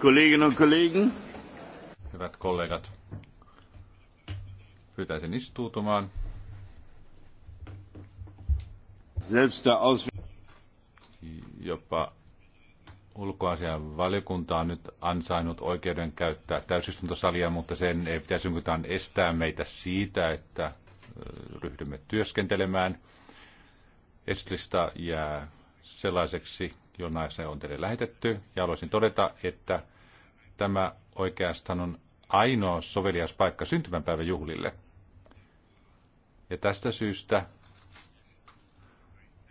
Kolleginnen und Kollegen. Hyvät kollegat, pyytäisin istuutumaan. Selbst der Aus Jopa ulkoasian valiokunta on nyt ansainnut oikeuden käyttää täysistuntosalia, mutta sen ei pitäisi estää meitä siitä, että ryhdymme työskentelemään. Esityslista jää sellaiseksi jona se on teille lähetetty. Ja haluaisin todeta, että tämä oikeastaan on ainoa sovelias paikka syntymäpäivän juhlille. Ja tästä syystä,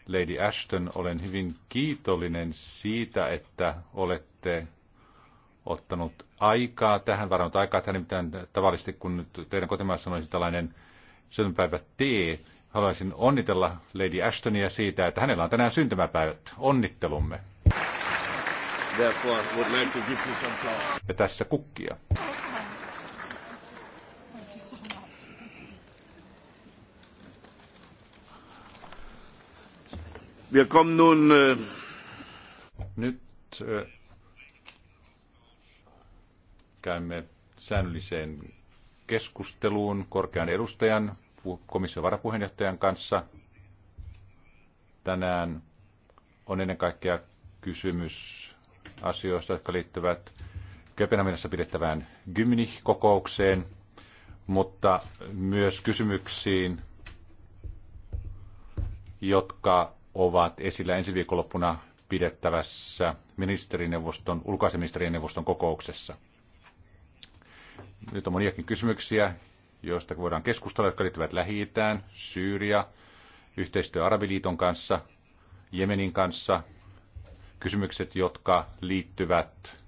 Lady Ashton, olen hyvin kiitollinen siitä, että olette ottanut aikaa tähän, varannut aikaa tähän, nimittäin tavallisesti kun teidän kotimaassa on tällainen syntymäpäivä tee, haluaisin onnitella Lady Ashtonia siitä, että hänellä on tänään syntymäpäivät. Onnittelumme. Ja tässä kukkia. Wir kommen nun, äh Nyt äh, käymme säännölliseen keskusteluun korkean edustajan komission varapuheenjohtajan kanssa. Tänään on ennen kaikkea kysymys asioista, jotka liittyvät Kööpenhaminassa pidettävään Gymnich-kokoukseen, mutta myös kysymyksiin, jotka ovat esillä ensi viikonloppuna pidettävässä ministerineuvoston, ulkoasiaministerineuvoston kokouksessa. Nyt on moniakin kysymyksiä, joista voidaan keskustella, jotka liittyvät lähi Syyria, yhteistyö Arabiliiton kanssa, Jemenin kanssa, kysymykset, jotka liittyvät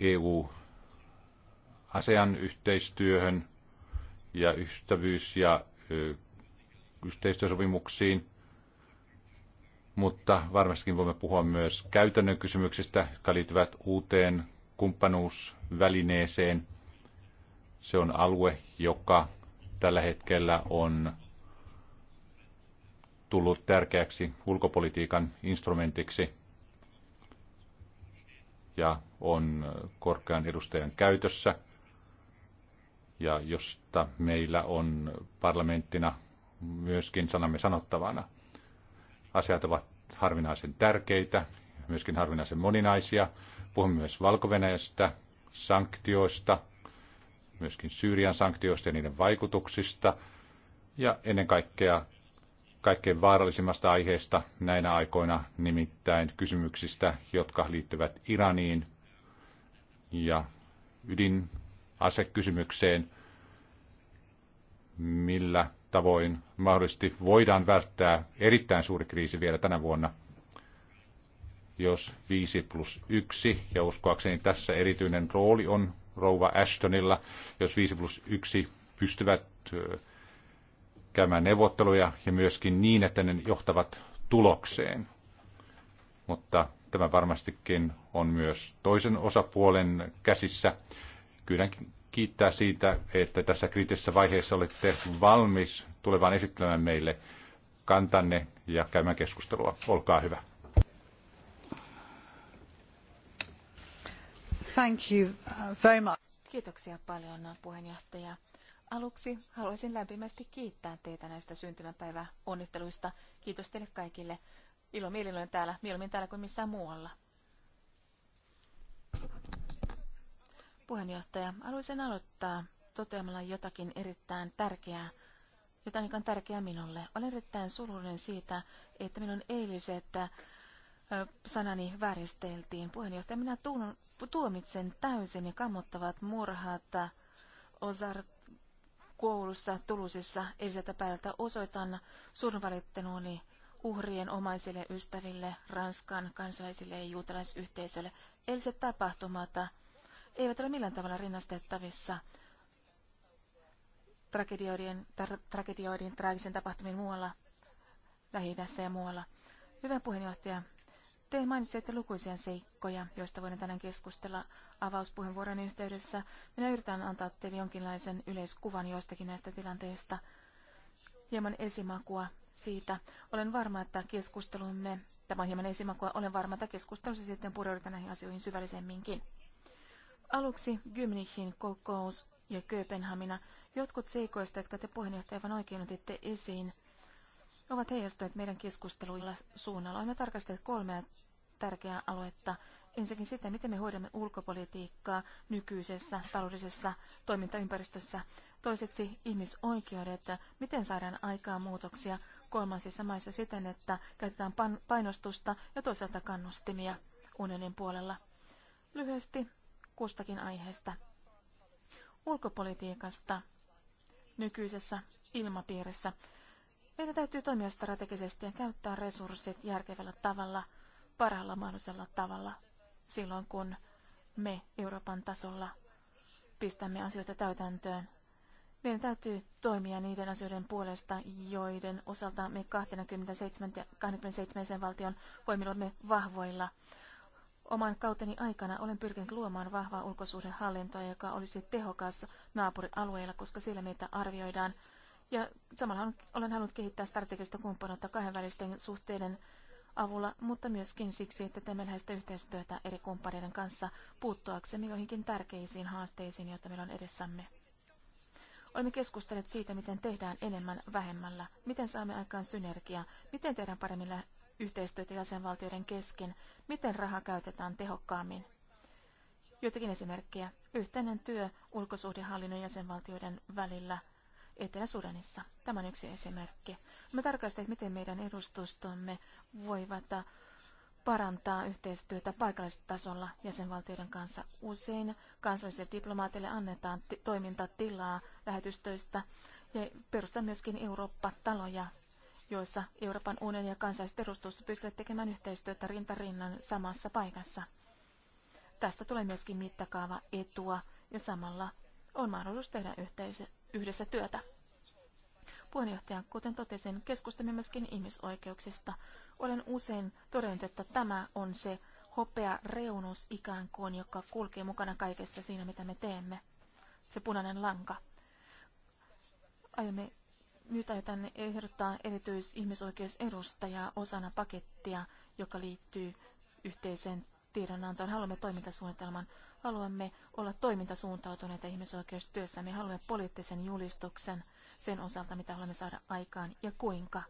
EU-asean yhteistyöhön ja ystävyys- ja ö, yhteistyösopimuksiin, mutta varmastikin voimme puhua myös käytännön kysymyksistä, jotka liittyvät uuteen kumppanuusvälineeseen – se on alue, joka tällä hetkellä on tullut tärkeäksi ulkopolitiikan instrumentiksi ja on korkean edustajan käytössä ja josta meillä on parlamenttina myöskin sanamme sanottavana. Asiat ovat harvinaisen tärkeitä, myöskin harvinaisen moninaisia. Puhumme myös valko sanktioista – myöskin Syyrian sanktioista ja niiden vaikutuksista ja ennen kaikkea kaikkein vaarallisimmasta aiheesta näinä aikoina, nimittäin kysymyksistä, jotka liittyvät Iraniin ja ydinasekysymykseen, millä tavoin mahdollisesti voidaan välttää erittäin suuri kriisi vielä tänä vuonna, jos 5 plus 1, ja uskoakseni tässä erityinen rooli on rouva Ashtonilla, jos 5 plus 1 pystyvät käymään neuvotteluja ja myöskin niin, että ne johtavat tulokseen. Mutta tämä varmastikin on myös toisen osapuolen käsissä. Kyllä kiittää siitä, että tässä kriittisessä vaiheessa olette valmis tulevaan esittelemään meille kantanne ja käymään keskustelua. Olkaa hyvä. Uh, Kiitoksia paljon puheenjohtaja. Aluksi haluaisin lämpimästi kiittää teitä näistä syntymäpäiväonnitteluista. Kiitos teille kaikille. Ilo mielin olen täällä, mieluummin täällä kuin missään muualla. Puheenjohtaja, haluaisin aloittaa toteamalla jotakin erittäin tärkeää, jotain, joka on tärkeää minulle. Olen erittäin surullinen siitä, että minun eiliset sanani vääristeltiin. Puheenjohtaja, minä tuomitsen täysin ja kammottavat murhat Osar koulussa Tulusissa edelliseltä päältä osoitan suurvalitteluni uhrien omaisille ystäville, Ranskan kansalaisille ja juutalaisyhteisölle. Eiliset tapahtumat eivät ole millään tavalla rinnastettavissa tragedioiden, tra- tragedioiden traagisen tapahtumien muualla, lähi ja muualla. Hyvä puheenjohtaja, te mainitsitte lukuisia seikkoja, joista voidaan tänään keskustella avauspuheenvuoron yhteydessä. Minä yritän antaa teille jonkinlaisen yleiskuvan joistakin näistä tilanteista, hieman esimakua siitä. Olen varma, että keskustelumme, tämä on hieman esimakua, olen varma, että keskustelussa sitten pureudutaan näihin asioihin syvällisemminkin. Aluksi Gymnichin kokous ja Kööpenhamina. Jotkut seikoista, jotka te puheenjohtaja aivan oikein otitte esiin, ovat heijastuneet meidän keskusteluilla suunnalla. Olemme tarkastelleet kolmea tärkeää aluetta. Ensinnäkin sitä, miten me hoidamme ulkopolitiikkaa nykyisessä taloudellisessa toimintaympäristössä. Toiseksi ihmisoikeudet, miten saadaan aikaa muutoksia kolmansissa maissa siten, että käytetään painostusta ja toisaalta kannustimia unionin puolella. Lyhyesti kustakin aiheesta. Ulkopolitiikasta nykyisessä ilmapiirissä. Meidän täytyy toimia strategisesti ja käyttää resurssit järkevällä tavalla – parhaalla mahdollisella tavalla silloin, kun me Euroopan tasolla pistämme asioita täytäntöön. Meidän täytyy toimia niiden asioiden puolesta, joiden osalta me 27, 27 valtion voimillamme me vahvoilla. Oman kauteni aikana olen pyrkinyt luomaan vahvaa ulkosuhdehallintoa, joka olisi tehokas naapurialueilla, koska siellä meitä arvioidaan. Ja samalla olen halunnut kehittää strategista kumppanuutta kahdenvälisten suhteiden avulla, mutta myöskin siksi, että teemme läheistä yhteistyötä eri kumppaneiden kanssa puuttuaksemme joihinkin tärkeisiin haasteisiin, joita meillä on edessämme. Olemme keskustelleet siitä, miten tehdään enemmän vähemmällä, miten saamme aikaan synergiaa, miten tehdään paremmin yhteistyötä jäsenvaltioiden kesken, miten raha käytetään tehokkaammin. Joitakin esimerkkejä. Yhteinen työ ulkosuhdehallinnon jäsenvaltioiden välillä – Etelä-Sudanissa. Tämä on yksi esimerkki. Me tarkastamme, miten meidän edustustomme voivat parantaa yhteistyötä paikallistasolla jäsenvaltioiden kanssa. Usein kansallisille diplomaateille annetaan toimintatilaa lähetystöistä ja perustetaan myöskin Eurooppa-taloja, joissa Euroopan unionin ja kansalliset edustustot pystyvät tekemään yhteistyötä rintarinnan samassa paikassa. Tästä tulee myöskin mittakaava etua ja samalla on mahdollisuus tehdä yhteistyötä yhdessä työtä. Puheenjohtaja, kuten totesin, keskustelimme myöskin ihmisoikeuksista. Olen usein todennut, että tämä on se hopea reunus ikään kuin, joka kulkee mukana kaikessa siinä, mitä me teemme. Se punainen lanka. Aiomme, nyt aiotaan ehdottaa erityisihmisoikeusedustajaa osana pakettia, joka liittyy yhteiseen tiedonantoon. Haluamme toimintasuunnitelman Haluamme olla toimintasuuntautuneita ihmisoikeustyössä. Me haluamme poliittisen julistuksen sen osalta, mitä haluamme saada aikaan ja kuinka.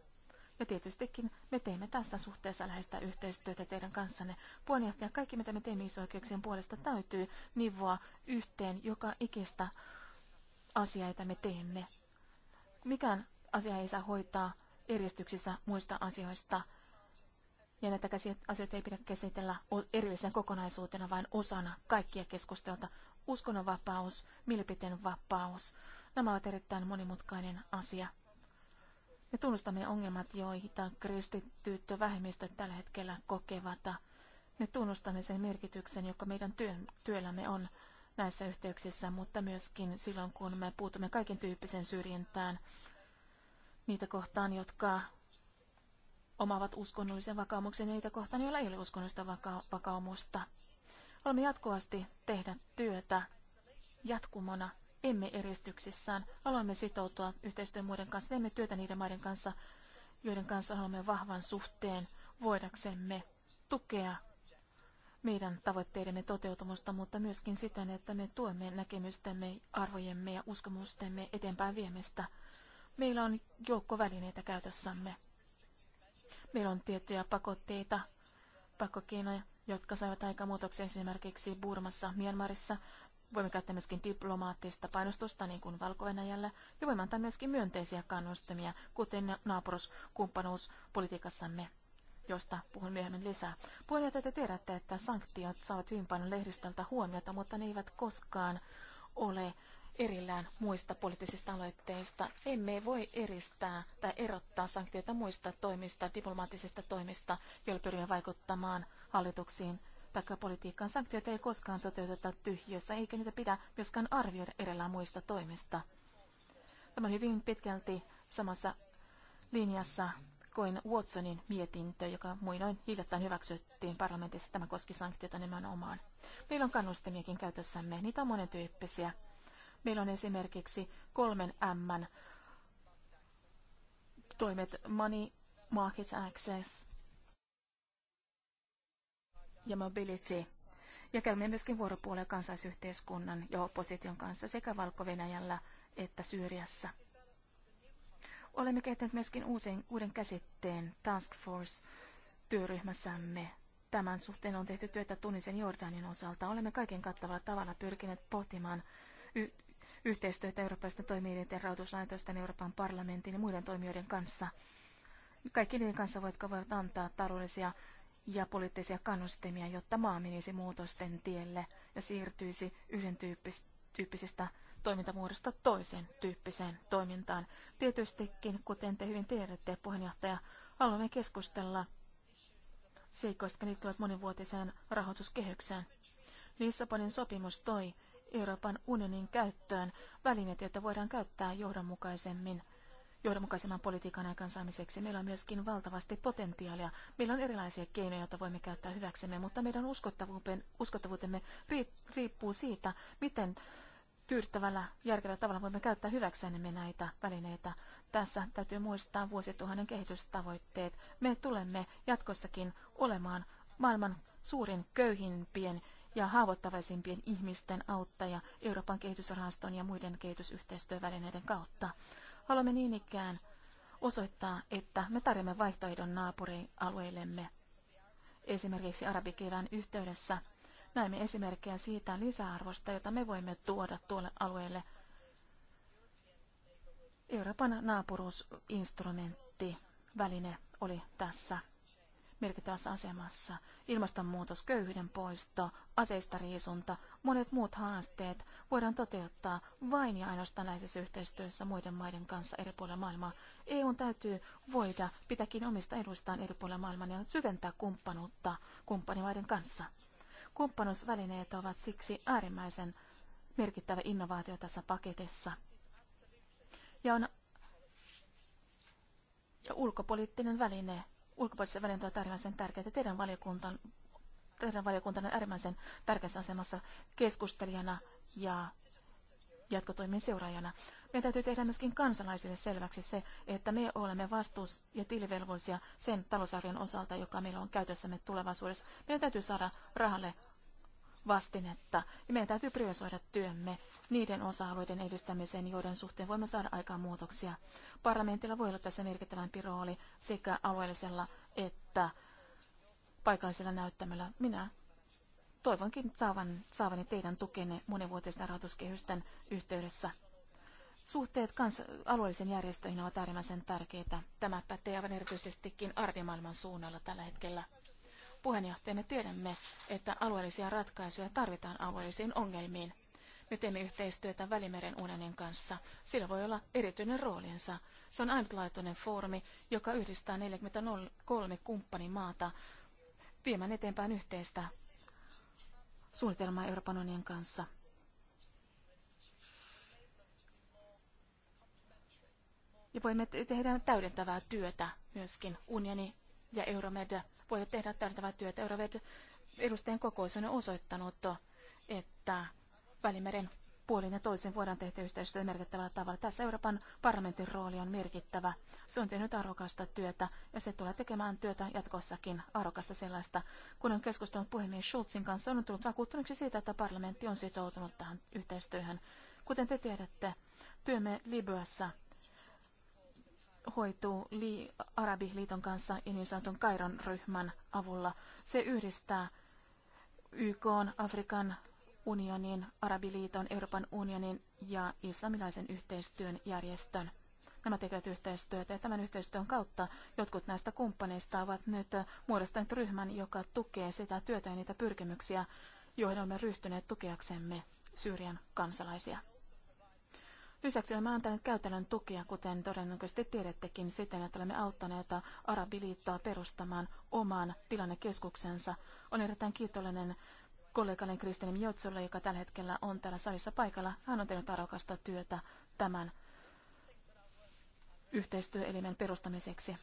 Ja tietystikin me teemme tässä suhteessa läheistä yhteistyötä teidän kanssanne. Puheenjohtaja, kaikki mitä me teemme ihmisoikeuksien puolesta täytyy nivoa yhteen joka ikistä asiaa, jota me teemme. Mikään asia ei saa hoitaa eristyksissä muista asioista ja näitä asioita ei pidä käsitellä erillisen kokonaisuutena, vaan osana kaikkia keskustelta. Uskonnonvapaus, mielipiteen vapaus, nämä ovat erittäin monimutkainen asia. Me tunnustamme ongelmat, joita kristittyt vähemmistöt tällä hetkellä kokevat. Me tunnustamme sen merkityksen, joka meidän työllämme on näissä yhteyksissä, mutta myöskin silloin, kun me puutumme kaiken tyyppisen syrjintään niitä kohtaan, jotka omaavat uskonnollisen vakaumuksen ja niitä kohtaan, joilla ei ole uskonnollista vaka- vakaumusta. Olemme jatkuvasti tehdä työtä jatkumona, emme eristyksissään. Haluamme sitoutua yhteistyön muiden kanssa, teemme työtä niiden maiden kanssa, joiden kanssa haluamme vahvan suhteen voidaksemme tukea meidän tavoitteidemme toteutumusta, mutta myöskin siten, että me tuemme näkemystemme, arvojemme ja uskomustemme eteenpäin viemistä. Meillä on joukko välineitä käytössämme. Meillä on tiettyjä pakotteita, pakkokeinoja, jotka saivat aikamuutoksia esimerkiksi Burmassa, Myanmarissa. Voimme käyttää myöskin diplomaattista painostusta, niin kuin valko ja voimme antaa myöskin myönteisiä kannustimia, kuten naapuruskumppanuuspolitiikassamme josta puhun myöhemmin lisää. Puolelta te tiedätte, että sanktiot saavat hyvin paljon lehdistöltä huomiota, mutta ne eivät koskaan ole erillään muista poliittisista aloitteista. Emme voi eristää tai erottaa sanktioita muista toimista, diplomaattisista toimista, joilla pyrimme vaikuttamaan hallituksiin tai politiikkaan. Sanktioita ei koskaan toteuteta tyhjössä, eikä niitä pidä myöskään arvioida erillään muista toimista. Tämä on hyvin pitkälti samassa linjassa kuin Watsonin mietintö, joka muinoin hiljattain hyväksyttiin parlamentissa. Tämä koski sanktiota nimenomaan. Meillä on kannustimiakin käytössämme. Niitä on monen tyyppisiä. Meillä on esimerkiksi kolmen M toimet Money, Market Access ja Mobility. Ja käymme myöskin vuoropuolella kansaisyhteiskunnan ja opposition kanssa sekä valko että Syyriassa. Olemme kehittäneet myöskin uusien, uuden käsitteen Task Force-työryhmässämme. Tämän suhteen on tehty työtä Tunisen Jordanin osalta. Olemme kaiken kattavalla tavalla pyrkineet pohtimaan y- yhteistyötä eurooppalaisten toimijoiden rahoituslaitosten, Euroopan parlamentin ja muiden toimijoiden kanssa. Kaikki niiden kanssa, voit voivat antaa taloudellisia ja poliittisia kannustimia, jotta maa menisi muutosten tielle ja siirtyisi yhden tyyppisestä toimintamuodosta toisen tyyppiseen toimintaan. Tietystikin, kuten te hyvin tiedätte, puheenjohtaja, haluamme keskustella seikoista, jotka liittyvät monivuotiseen rahoituskehykseen. Lissabonin sopimus toi Euroopan unionin käyttöön välineet, joita voidaan käyttää johdonmukaisemmin johdonmukaisemman politiikan aikaansaamiseksi. Meillä on myöskin valtavasti potentiaalia. Meillä on erilaisia keinoja, joita voimme käyttää hyväksemme, mutta meidän uskottavuutemme riippuu siitä, miten tyydyttävällä, järkevällä tavalla voimme käyttää hyväksemme näitä välineitä. Tässä täytyy muistaa vuosituhannen kehitystavoitteet. Me tulemme jatkossakin olemaan maailman suurin köyhimpien ja haavoittavaisimpien ihmisten auttaja Euroopan kehitysrahaston ja muiden kehitysyhteistyövälineiden kautta. Haluamme niin ikään osoittaa, että me tarjomme vaihtoehdon naapurialueillemme. Esimerkiksi arabikevään yhteydessä näemme esimerkkejä siitä lisäarvosta, jota me voimme tuoda tuolle alueelle. Euroopan naapuruusinstrumentti, väline oli tässä merkittävässä asemassa. Ilmastonmuutos, köyhyyden poisto, aseistariisunta, monet muut haasteet voidaan toteuttaa vain ja ainoastaan läheisessä yhteistyössä muiden maiden kanssa eri puolilla maailmaa. EUn täytyy voida pitäkin omista edustaan eri puolilla maailmaa ja syventää kumppanuutta kumppanimaiden kanssa. Kumppanuusvälineet ovat siksi äärimmäisen merkittävä innovaatio tässä paketissa. Ja on ja ulkopoliittinen väline, ulkopuolisen välineet on äärimmäisen tärkeää. Teidän valiokuntan teidän on äärimmäisen tärkeässä asemassa keskustelijana ja jatkotoimien seuraajana. Meidän täytyy tehdä myöskin kansalaisille selväksi se, että me olemme vastuus- ja tilivelvollisia sen talousarvion osalta, joka meillä on käytössämme tulevaisuudessa. Meidän täytyy saada rahalle vastinetta. Ja meidän täytyy priorisoida työmme niiden osa-alueiden edistämiseen, joiden suhteen voimme saada aikaan muutoksia. Parlamentilla voi olla tässä merkittävämpi rooli sekä alueellisella että paikallisella näyttämällä. Minä toivonkin saavan, saavani teidän tukenne monivuotisten rahoituskehysten yhteydessä. Suhteet kans alueellisen järjestöihin ovat äärimmäisen tärkeitä. Tämä pätee aivan erityisestikin arvimaailman suunnalla tällä hetkellä puheenjohtajana tiedämme, että alueellisia ratkaisuja tarvitaan alueellisiin ongelmiin. Me teemme yhteistyötä Välimeren unionin kanssa. Sillä voi olla erityinen roolinsa. Se on ainutlaatuinen foorumi, joka yhdistää 43 kumppanimaata viemään eteenpäin yhteistä suunnitelmaa Euroopan unionin kanssa. Ja voimme tehdä täydentävää työtä myöskin unioni ja Euromed voivat tehdä täydentävää työtä. Euromed edustajan kokous on osoittanut, että Välimeren puolin ja toisen voidaan tehdä yhteistyötä merkittävällä tavalla. Tässä Euroopan parlamentin rooli on merkittävä. Se on tehnyt arvokasta työtä ja se tulee tekemään työtä jatkossakin arvokasta sellaista. Kun on keskustellut puhemies Schulzin kanssa, on tullut vakuuttuneeksi siitä, että parlamentti on sitoutunut tähän yhteistyöhön. Kuten te tiedätte, työmme Libyassa hoituu Li- Arabiliiton kanssa ja niin sanotun Kairon ryhmän avulla. Se yhdistää YK, Afrikan unionin, Arabiliiton, Euroopan unionin ja islamilaisen yhteistyön järjestön. Nämä tekevät yhteistyötä ja tämän yhteistyön kautta jotkut näistä kumppaneista ovat nyt muodostaneet ryhmän, joka tukee sitä työtä ja niitä pyrkimyksiä, joihin olemme ryhtyneet tukeaksemme Syyrian kansalaisia. Lisäksi olemme antaneet käytännön tukea, kuten todennäköisesti tiedättekin siten, että olemme auttaneet Arabiliittoa perustamaan oman tilannekeskuksensa. On erittäin kiitollinen kollegalle Kristin Mjotsolle, joka tällä hetkellä on täällä salissa paikalla. Hän on tehnyt arvokasta työtä tämän yhteistyöelimen perustamiseksi.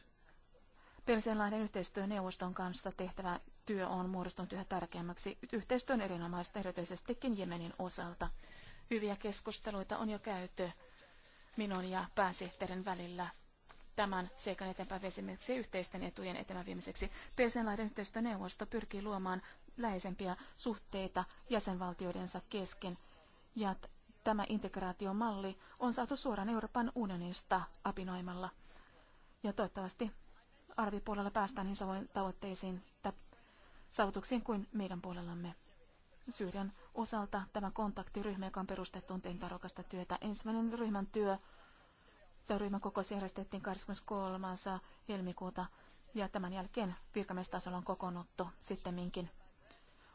Persianlahden yhteistyöneuvoston kanssa tehtävä työ on muodostunut yhä tärkeämmäksi yhteistyön erinomaista erityisestikin Jemenin osalta. Hyviä keskusteluita on jo käyty minun ja pääsihteerin välillä tämän seikan eteenpäin esimerkiksi yhteisten etujen eteenpäinviemiseksi. Persianlahden yhteistyöneuvosto pyrkii luomaan läheisempiä suhteita jäsenvaltioidensa kesken ja tämä integraatiomalli on saatu suoraan Euroopan unionista apinoimalla. Ja toivottavasti arvipuolella päästään niin samoin tavoitteisiin saavutuksiin kuin meidän puolellamme. Syyrian osalta tämä kontaktiryhmä, joka on perustettu, on tehnyt arvokasta työtä. Ensimmäinen ryhmän työ, tämä ryhmän kokous järjestettiin 23. helmikuuta ja tämän jälkeen virkamiestasolla on kokoonnuttu sitten minkin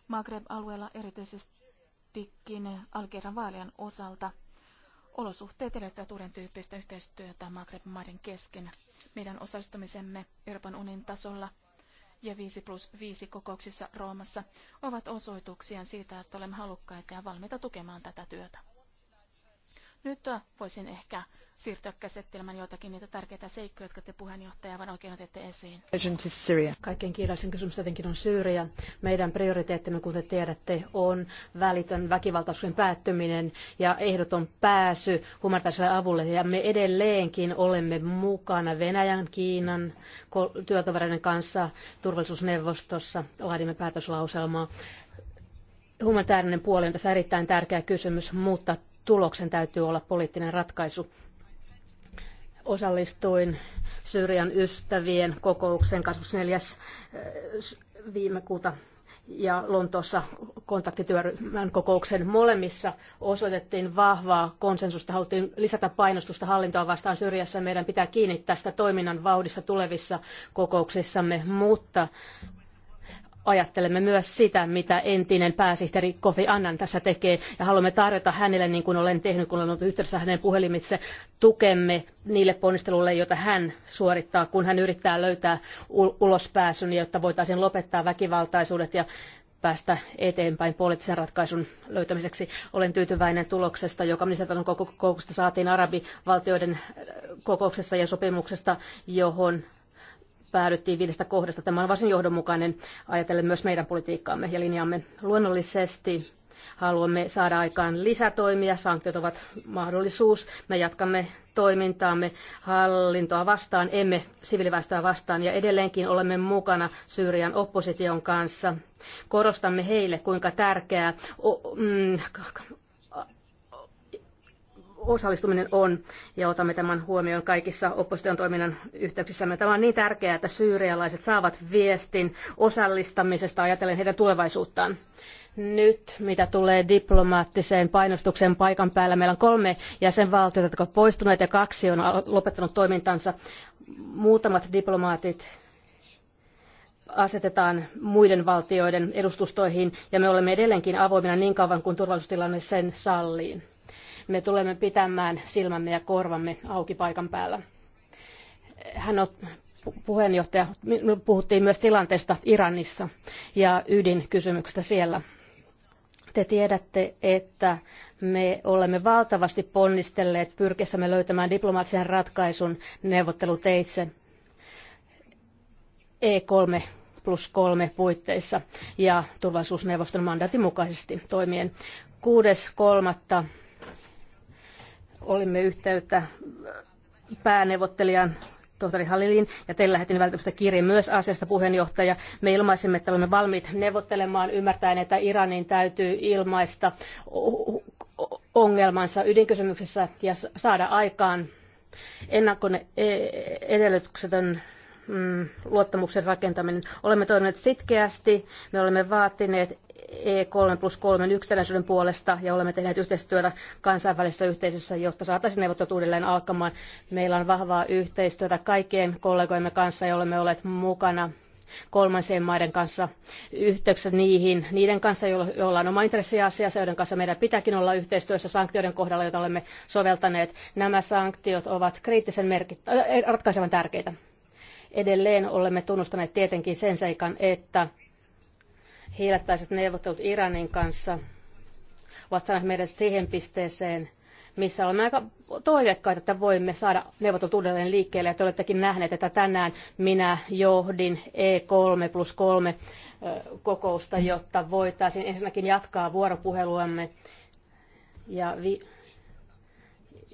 Maghreb-alueella erityisestikin Algerian vaalien osalta. Olosuhteet edellyttävät uuden tyyppistä yhteistyötä Maghreb-maiden kesken. Meidän osallistumisemme Euroopan unionin tasolla – ja 5 plus 5 kokouksissa Roomassa ovat osoituksia siitä, että olemme halukkaita ja valmiita tukemaan tätä työtä. Nyt äh, voisin ehkä siirtyä käsittelemään joitakin niitä tärkeitä seikkoja, jotka te puheenjohtaja aivan oikein otette esiin. Kaikkein kiireellisin kysymys tietenkin on Syyria. Meidän prioriteettimme, kuten tiedätte, on välitön väkivaltaisuuden päättyminen ja ehdoton pääsy humanitaariselle avulle. Ja me edelleenkin olemme mukana Venäjän, Kiinan työtovereiden kanssa turvallisuusneuvostossa. Laadimme päätöslauselmaa. Humanitaarinen puoli on tässä erittäin tärkeä kysymys, mutta tuloksen täytyy olla poliittinen ratkaisu. Osallistuin Syyrian ystävien kokoukseen 24. Eh, viime kuuta ja Lontoossa kontaktityöryhmän kokouksen molemmissa osoitettiin vahvaa konsensusta, haluttiin lisätä painostusta hallintoa vastaan Syrjässä. Meidän pitää kiinni tästä toiminnan vauhdissa tulevissa kokouksissamme, mutta ajattelemme myös sitä, mitä entinen pääsihteeri Kofi Annan tässä tekee, ja haluamme tarjota hänelle, niin kuin olen tehnyt, kun olen ollut yhteydessä hänen puhelimitse, tukemme niille ponnisteluille, joita hän suorittaa, kun hän yrittää löytää ulospääsyn, jotta voitaisiin lopettaa väkivaltaisuudet ja päästä eteenpäin poliittisen ratkaisun löytämiseksi. Olen tyytyväinen tuloksesta, joka ministerin kokouksesta saatiin arabivaltioiden äh, kokouksessa ja sopimuksesta, johon päädyttiin viidestä kohdasta. Tämä on varsin johdonmukainen ajatellen myös meidän politiikkaamme ja linjaamme. Luonnollisesti haluamme saada aikaan lisätoimia, sanktiot ovat mahdollisuus. Me jatkamme toimintaamme hallintoa vastaan, emme siviiliväestöä vastaan ja edelleenkin olemme mukana Syyrian opposition kanssa. Korostamme heille, kuinka tärkeää mm, osallistuminen on, ja otamme tämän huomioon kaikissa opposition toiminnan yhteyksissämme. Tämä on niin tärkeää, että syyrialaiset saavat viestin osallistamisesta ajatellen heidän tulevaisuuttaan. Nyt, mitä tulee diplomaattiseen painostukseen paikan päällä, meillä on kolme jäsenvaltiota, jotka ovat poistuneet ja kaksi on lopettanut toimintansa. Muutamat diplomaatit asetetaan muiden valtioiden edustustoihin ja me olemme edelleenkin avoimina niin kauan kuin turvallisuustilanne sen sallii me tulemme pitämään silmämme ja korvamme auki paikan päällä. Hän on puheenjohtaja, puhuttiin myös tilanteesta Iranissa ja ydinkysymyksestä siellä. Te tiedätte, että me olemme valtavasti ponnistelleet pyrkissämme löytämään diplomaattisen ratkaisun neuvotteluteitse E3 plus 3 puitteissa ja turvallisuusneuvoston mandaatin mukaisesti toimien olimme yhteyttä äh, pääneuvottelijan tohtori Halilin, ja teille lähetin välttämättä kirje myös asiasta puheenjohtaja. Me ilmaisimme, että olemme valmiit neuvottelemaan ymmärtäen, että Iranin täytyy ilmaista ongelmansa ydinkysymyksessä ja saada aikaan ennakkoedellytyksetön e- mm, luottamuksen rakentaminen. Olemme toimineet sitkeästi, me olemme vaatineet E3 plus 3 yksittäisyyden puolesta ja olemme tehneet yhteistyötä kansainvälisessä yhteisössä, jotta saataisiin neuvottelut uudelleen alkamaan. Meillä on vahvaa yhteistyötä kaikkien kollegoimme kanssa ja olemme olleet mukana kolmansien maiden kanssa yhteyksissä niihin, niiden kanssa, joilla on oma intressi asiassa, joiden kanssa meidän pitääkin olla yhteistyössä sanktioiden kohdalla, joita olemme soveltaneet. Nämä sanktiot ovat kriittisen merkit- äh, ratkaisevan tärkeitä. Edelleen olemme tunnustaneet tietenkin sen seikan, että hiilettäiset neuvottelut Iranin kanssa ovat saaneet meidät siihen pisteeseen, missä olemme aika toiveikkaita, että voimme saada neuvottelut uudelleen liikkeelle. Ja te olettekin nähneet, että tänään minä johdin E3 plus 3 kokousta, jotta voitaisiin ensinnäkin jatkaa vuoropuheluamme. Ja, vi-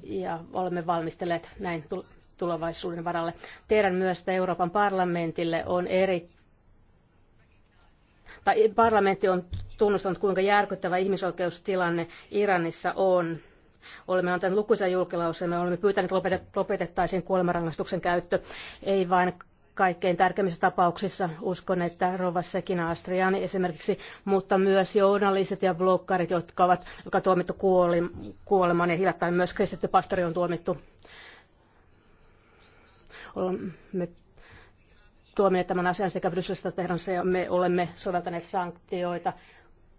ja olemme valmistelleet näin tulevaisuuden varalle. Tiedän myös, että Euroopan parlamentille on eri tai parlamentti on tunnustanut, kuinka järkyttävä ihmisoikeustilanne Iranissa on. Olemme antaneet lukuisia julkilauseja, olemme pyytäneet, että lopetettaisiin kuolemanrangaistuksen käyttö, ei vain kaikkein tärkeimmissä tapauksissa. Uskon, että Rova Sekina Astriani esimerkiksi, mutta myös journalistit ja bloggarit, jotka ovat, jotka on tuomittu kuolemaan ja hiljattain myös kristitty pastori on tuomittu Olemme tuomineet tämän asian sekä Brysselistä että Teheranissa ja me olemme soveltaneet sanktioita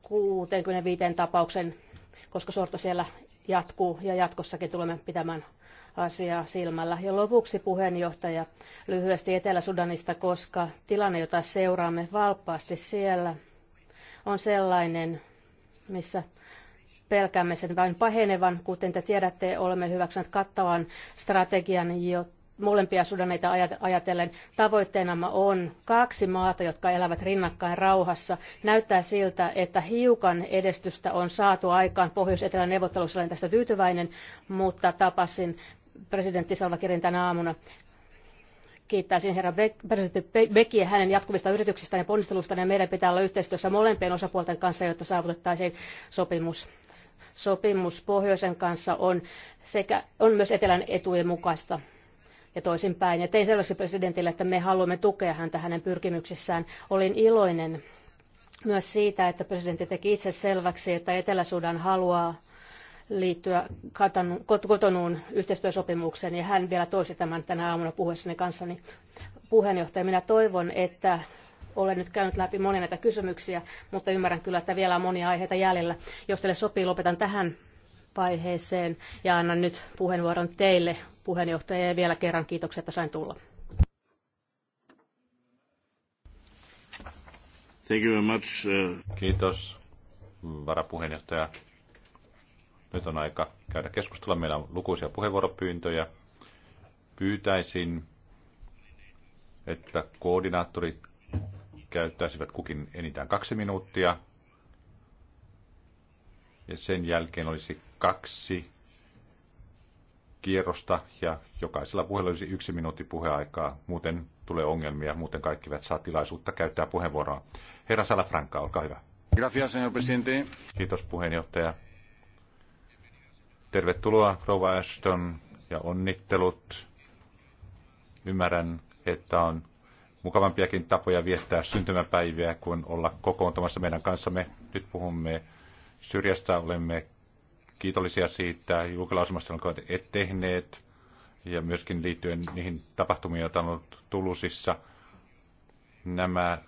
65 tapauksen, koska sorto siellä jatkuu ja jatkossakin tulemme pitämään asiaa silmällä. Ja lopuksi puheenjohtaja lyhyesti Etelä-Sudanista, koska tilanne, jota seuraamme valppaasti siellä, on sellainen, missä pelkäämme sen vain pahenevan. Kuten te tiedätte, olemme hyväksyneet kattavan strategian, jotta molempia sudaneita ajatellen. Tavoitteenamme on kaksi maata, jotka elävät rinnakkain rauhassa. Näyttää siltä, että hiukan edestystä on saatu aikaan Pohjois-Etelän neuvottelussa. Olen tästä tyytyväinen, mutta tapasin presidentti Salva Kirin tänä aamuna kiittäisin herra presidentti Beckiä hänen jatkuvista yrityksistään ja ponnistelustaan ja meidän pitää olla yhteistyössä molempien osapuolten kanssa, jotta saavutettaisiin sopimus. Sopimus pohjoisen kanssa on, sekä, on myös etelän etujen mukaista ja toisinpäin. Ja tein selväksi presidentille, että me haluamme tukea häntä hänen pyrkimyksissään. Olin iloinen myös siitä, että presidentti teki itse selväksi, että Etelä-Sudan haluaa liittyä kotonuun yhteistyösopimukseen, ja hän vielä toisi tämän tänä aamuna puhuessani kanssani puheenjohtaja. Minä toivon, että olen nyt käynyt läpi monia näitä kysymyksiä, mutta ymmärrän kyllä, että vielä on monia aiheita jäljellä. Jos teille sopii, lopetan tähän vaiheeseen ja annan nyt puheenvuoron teille puheenjohtaja ja vielä kerran kiitoksia, että sain tulla. Thank you very much. Uh, Kiitos varapuheenjohtaja. Nyt on aika käydä keskustelua. Meillä on lukuisia puheenvuoropyyntöjä. Pyytäisin, että koordinaattorit käyttäisivät kukin enintään kaksi minuuttia. Ja sen jälkeen olisi kaksi kierrosta ja jokaisella puheella olisi yksi minuutti puheaikaa. Muuten tulee ongelmia, muuten kaikki eivät saa tilaisuutta käyttää puheenvuoroa. Herra Salafranca, olkaa hyvä. Gracias, señor presidente. Kiitos puheenjohtaja. Tervetuloa Rova Ashton ja onnittelut. Ymmärrän, että on mukavampiakin tapoja viettää syntymäpäiviä kuin olla kokoontumassa meidän kanssamme. Nyt puhumme Syrjästä olemme kiitollisia siitä julkilausumasta, jonka et tehneet, ja myöskin liittyen niihin tapahtumiin, joita on ollut Tulusissa. Nämä äh,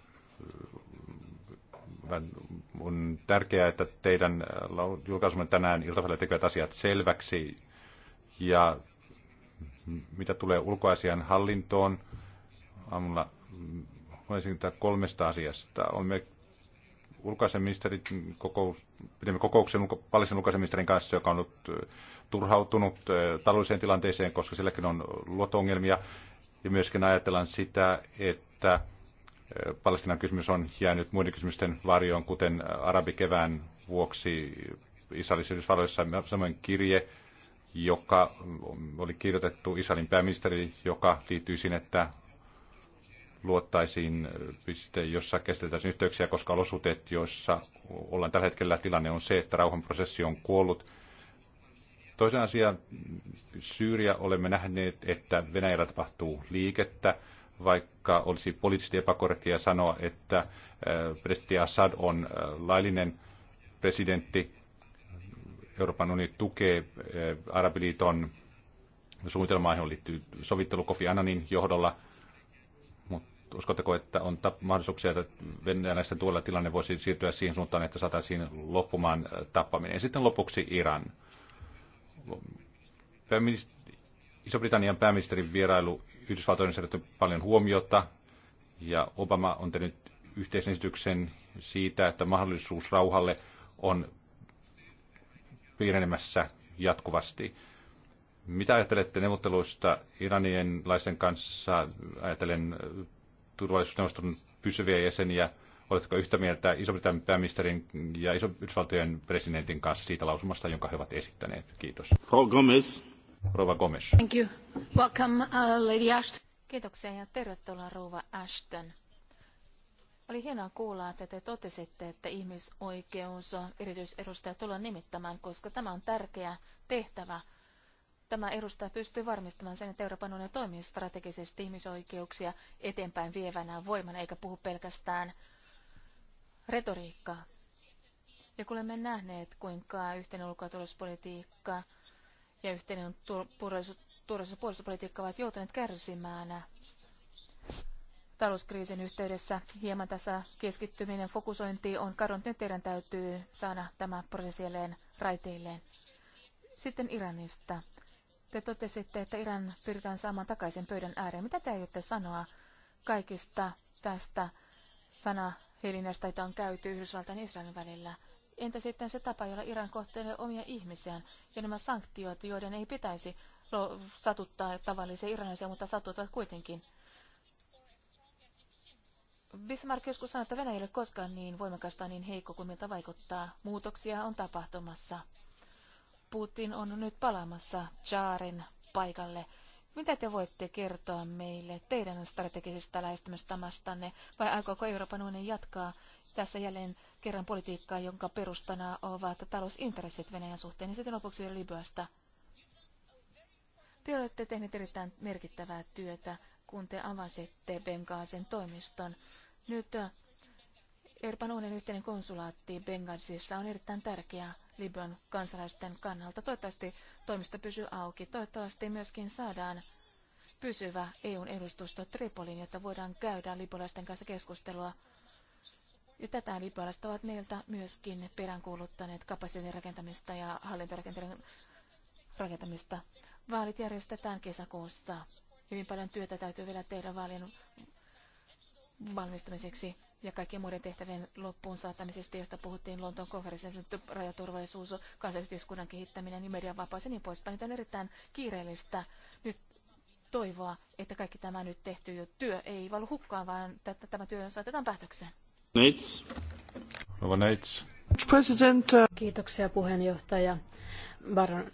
on tärkeää, että teidän julkaisumme tänään iltapäivällä tekevät asiat selväksi. Ja mitä tulee ulkoasian hallintoon, aamulla olisin kolmesta asiasta. Olemme ulkoasiaministerin kokous, pidimme kokouksen ulko, Palestinan ulkoasiaministerin kanssa, joka on ollut äh, turhautunut äh, taloudelliseen tilanteeseen, koska silläkin on luotongelmia. Ja myöskin ajatellaan sitä, että äh, Palestinan kysymys on jäänyt muiden kysymysten varjoon, kuten arabikevään vuoksi Israelissa Yhdysvalloissa samoin kirje, joka mm, oli kirjoitettu Israelin pääministeri, joka liittyy siihen, että luottaisiin äh, piste, jossa kestetään yhteyksiä, koska olosuhteet, joissa ollaan tällä hetkellä tilanne on se, että rauhanprosessi on kuollut. Toisen asian Syyriä olemme nähneet, että Venäjällä tapahtuu liikettä, vaikka olisi poliittisesti epäkorrektia sanoa, että äh, presidentti Assad on äh, laillinen presidentti. Euroopan unioni tukee Arabiliiton suunnitelmaa, johon liittyy sovittelu Kofi Annanin johdolla – uskotteko, että on mahdollisuuksia, että venäläisten tuolla tilanne voisi siirtyä siihen suuntaan, että saataisiin loppumaan äh, tappaminen? Sitten lopuksi Iran. Pääminist- Iso-Britannian pääministerin vierailu Yhdysvaltojen on paljon huomiota, ja Obama on tehnyt yhteisen esityksen siitä, että mahdollisuus rauhalle on piirenemässä jatkuvasti. Mitä ajattelette neuvotteluista iranienlaisten kanssa? Ajattelen äh, turvallisuusneuvoston pysyviä jäseniä. Oletko yhtä mieltä Iso-Britannian pääministerin ja Iso Yhdysvaltojen presidentin kanssa siitä lausumasta, jonka he ovat esittäneet? Kiitos. Frau Gomez. Rova Gomes. Thank you. Welcome, uh, Lady Ashton. Kiitoksia ja tervetuloa Rouva Ashton. Oli hienoa kuulla, että te totesitte, että ihmisoikeus on erityisedustaja tulla nimittämään, koska tämä on tärkeä tehtävä Tämä edustaja pystyy varmistamaan sen, että Euroopan unioni toimii strategisesti ihmisoikeuksia eteenpäin vievänä voimana, eikä puhu pelkästään retoriikkaa. Ja kun olemme nähneet, kuinka yhteinen ulko- ja turvallisuuspolitiikka ja yhteinen turvallisuus- ja puolustuspolitiikka ovat joutuneet kärsimään talouskriisin yhteydessä hieman tässä keskittyminen fokusointi on kadonnut. Nyt teidän täytyy saada tämä prosessi jälleen raiteilleen. Sitten Iranista. Te totesitte, että Iran pyritään saamaan takaisin pöydän ääreen. Mitä te aiotte sanoa kaikista tästä sanahelinästä, jota on käyty Yhdysvaltain ja Israelin välillä? Entä sitten se tapa, jolla Iran kohtelee omia ihmisiään ja nämä sanktiot, joiden ei pitäisi satuttaa tavallisia iranilaisia, mutta satuttavat kuitenkin? Bismarck joskus sanoi, että Venäjälle koskaan niin voimakasta niin heikko kuin miltä vaikuttaa. Muutoksia on tapahtumassa. Putin on nyt palaamassa Jaarin paikalle. Mitä te voitte kertoa meille teidän strategisesta lähestymistamastanne, vai aikooko Euroopan unioni jatkaa tässä jälleen kerran politiikkaa, jonka perustana ovat talousintressit Venäjän suhteen, ja sitten lopuksi Libyasta. Te olette tehneet erittäin merkittävää työtä, kun te avasitte Bengaasen toimiston. Nyt Euroopan unionin yhteinen konsulaatti Bengaasissa on erittäin tärkeää Libyan kansalaisten kannalta. Toivottavasti toimista pysyy auki. Toivottavasti myöskin saadaan pysyvä EUn edustusto Tripolin, jotta voidaan käydä libyalaisten kanssa keskustelua. Ja tätä libyalaiset ovat meiltä myöskin peräänkuuluttaneet kapasiteetin rakentamista ja hallintorakenteiden rakentamista. Vaalit järjestetään kesäkuussa. Hyvin paljon työtä täytyy vielä tehdä vaalien valmistamiseksi ja kaikkien muiden tehtävien loppuun saattamisesta, josta puhuttiin Lontoon konferenssin rajaturvallisuus, kansallisyhteiskunnan kehittäminen ja niin median vapaus ja niin poispäin. Tämä on erittäin kiireellistä nyt toivoa, että kaikki tämä nyt tehty jo työ ei valu hukkaan, vaan että tämä työ saatetaan päätökseen. Neits. Neits. President. Uh, Kiitoksia puheenjohtaja.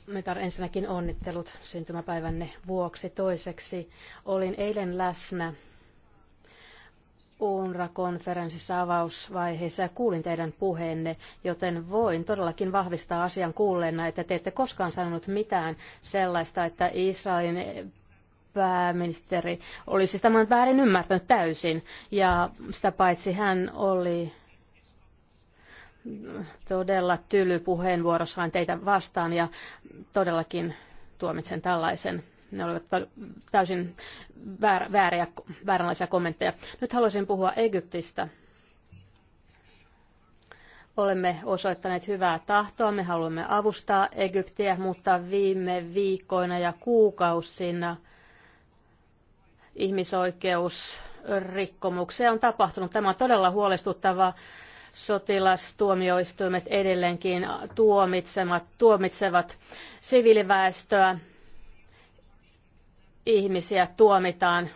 Metar, ensinnäkin onnittelut syntymäpäivänne vuoksi. Toiseksi olin eilen läsnä UNRA-konferenssissa avausvaiheessa ja kuulin teidän puheenne, joten voin todellakin vahvistaa asian kuulleena, että te ette koskaan sanonut mitään sellaista, että Israelin pääministeri olisi sitä siis tämän väärin ymmärtänyt täysin. Ja sitä paitsi hän oli todella tyly puheenvuorossaan teitä vastaan ja todellakin tuomitsen tällaisen ne olivat täysin väärä vääriä, vääränlaisia kommentteja. Nyt haluaisin puhua Egyptistä. Olemme osoittaneet hyvää tahtoa, me haluamme avustaa Egyptiä, mutta viime viikkoina ja kuukausina ihmisoikeusrikkomuksia on tapahtunut. Tämä on todella huolestuttavaa sotilastuomioistuimet edelleenkin tuomitsevat, tuomitsevat siviiliväestöä ihmisiä tuomitaan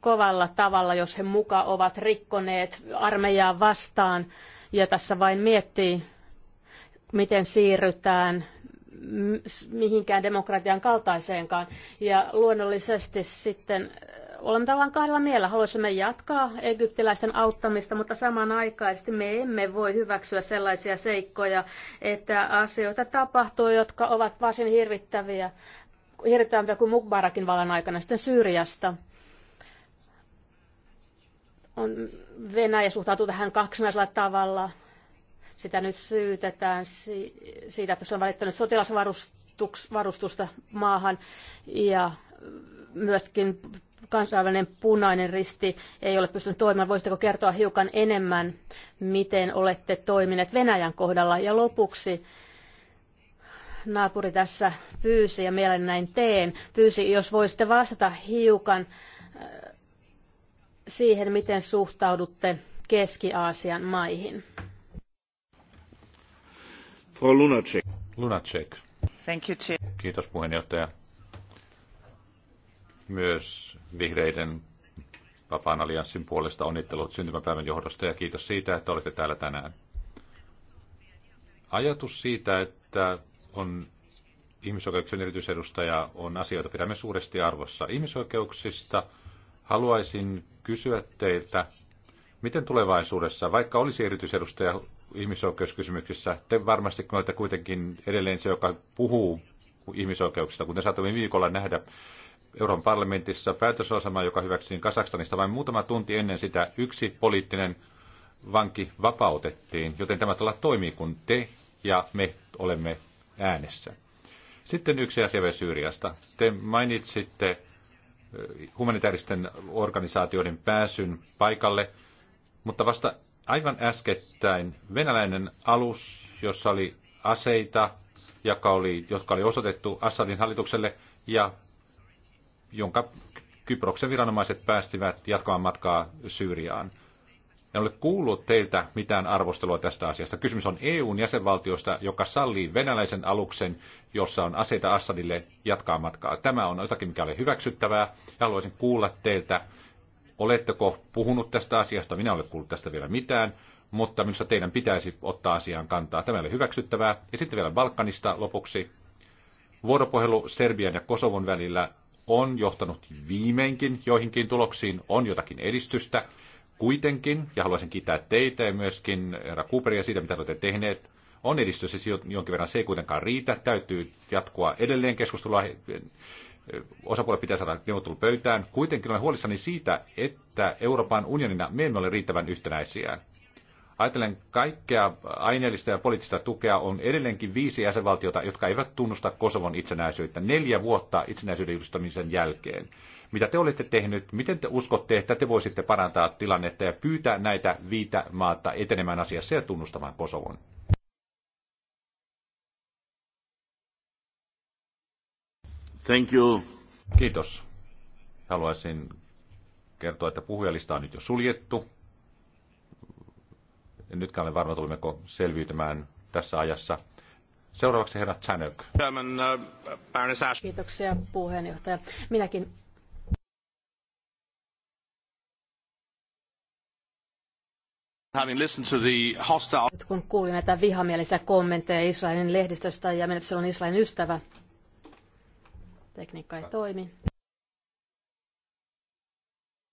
kovalla tavalla, jos he muka ovat rikkoneet armeijaa vastaan. Ja tässä vain miettii, miten siirrytään mihinkään demokratian kaltaiseenkaan. Ja luonnollisesti sitten äh, olemme tavallaan kahdella mielellä. Haluaisimme jatkaa egyptiläisten auttamista, mutta samanaikaisesti me emme voi hyväksyä sellaisia seikkoja, että asioita tapahtuu, jotka ovat varsin hirvittäviä hirveämpiä kuin Mukbarakin vallan aikana sitten Syyriasta. On Venäjä suhtautuu tähän kaksinaisella tavalla. Sitä nyt syytetään siitä, että se on valittanut sotilasvarustusta maahan ja myöskin kansainvälinen punainen risti ei ole pystynyt toimimaan. Voisitteko kertoa hiukan enemmän, miten olette toimineet Venäjän kohdalla? Ja lopuksi naapuri tässä pyysi, ja mielen näin teen, pyysi, jos voisitte vastata hiukan äh, siihen, miten suhtaudutte Keski-Aasian maihin. Lunacek. Lunacek. Thank you, Chair. Kiitos puheenjohtaja. Myös vihreiden vapaan allianssin puolesta onnittelut syntymäpäivän johdosta ja kiitos siitä, että olette täällä tänään. Ajatus siitä, että on ihmisoikeuksien erityisedustaja, on asioita pidämme suuresti arvossa. Ihmisoikeuksista haluaisin kysyä teiltä, miten tulevaisuudessa, vaikka olisi erityisedustaja ihmisoikeuskysymyksissä, te varmasti olette kuitenkin edelleen se, joka puhuu ihmisoikeuksista, kuten saatamme viikolla nähdä Euroopan parlamentissa päätösosama, joka hyväksyttiin Kasakstanista vain muutama tunti ennen sitä, yksi poliittinen vanki vapautettiin, joten tämä tällä toimii, kun te ja me olemme äänessä. Sitten yksi asia vielä Syyriasta. Te mainitsitte humanitaaristen organisaatioiden pääsyn paikalle, mutta vasta aivan äskettäin venäläinen alus, jossa oli aseita, joka oli, jotka oli osoitettu Assadin hallitukselle ja jonka Kyproksen viranomaiset päästivät jatkamaan matkaa Syyriaan en ole kuullut teiltä mitään arvostelua tästä asiasta. Kysymys on EUn jäsenvaltiosta, joka sallii venäläisen aluksen, jossa on aseita Assadille jatkaa matkaa. Tämä on jotakin, mikä ole hyväksyttävää. Ja haluaisin kuulla teiltä, oletteko puhunut tästä asiasta. Minä olen kuullut tästä vielä mitään, mutta minusta teidän pitäisi ottaa asiaan kantaa. Tämä oli hyväksyttävää. Ja sitten vielä Balkanista lopuksi. Vuoropuhelu Serbian ja Kosovon välillä on johtanut viimeinkin joihinkin tuloksiin, on jotakin edistystä, Kuitenkin, ja haluaisin kiittää teitä ja myöskin herra Cooperia siitä, mitä olette tehneet, on edistys siis jonkin verran. Se ei kuitenkaan riitä. Täytyy jatkoa edelleen keskustelua. Osapuolet pitää saada pöytään. Kuitenkin olen huolissani siitä, että Euroopan unionina me emme ole riittävän yhtenäisiä. Ajatellen kaikkea aineellista ja poliittista tukea on edelleenkin viisi jäsenvaltiota, jotka eivät tunnusta Kosovon itsenäisyyttä neljä vuotta itsenäisyyden julistamisen jälkeen mitä te olette tehnyt, miten te uskotte, että te voisitte parantaa tilannetta ja pyytää näitä viitä maata etenemään asiassa ja tunnustamaan Kosovon? Thank you. Kiitos. Haluaisin kertoa, että puhujalista on nyt jo suljettu. Nytkään ole varma, tulemmeko selviytymään tässä ajassa. Seuraavaksi herra Chanuk. Uh, Kiitoksia puheenjohtaja. Minäkin Kun kuulin näitä vihamielisiä kommentteja Israelin lehdistöstä ja menet on Israelin ystävä, tekniikka ei toimi.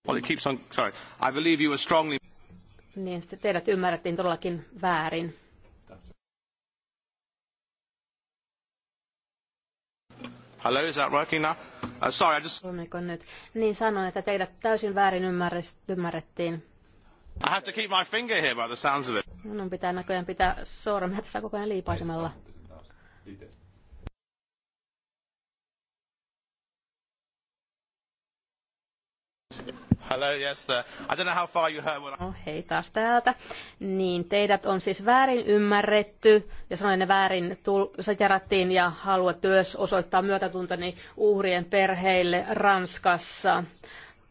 Well, it keeps on, sorry. I believe you were strongly... Niin, sitten teidät ymmärrettiin todellakin väärin. Hello, is that working now? Uh, sorry, I just... Nyt. Niin sanoin, että teidät täysin väärin ymmärrettiin I have to keep my finger here by the sounds of it. Minun pitää näköjään pitää sormia tässä koko ajan liipaisemalla. Hello, yes, I don't know how far you heard when I... No, hei taas täältä. Niin, teidät on siis väärin ymmärretty ja sanoin ne väärin säkärättiin ja haluat myös osoittaa myötätuntoni uhrien perheille Ranskassa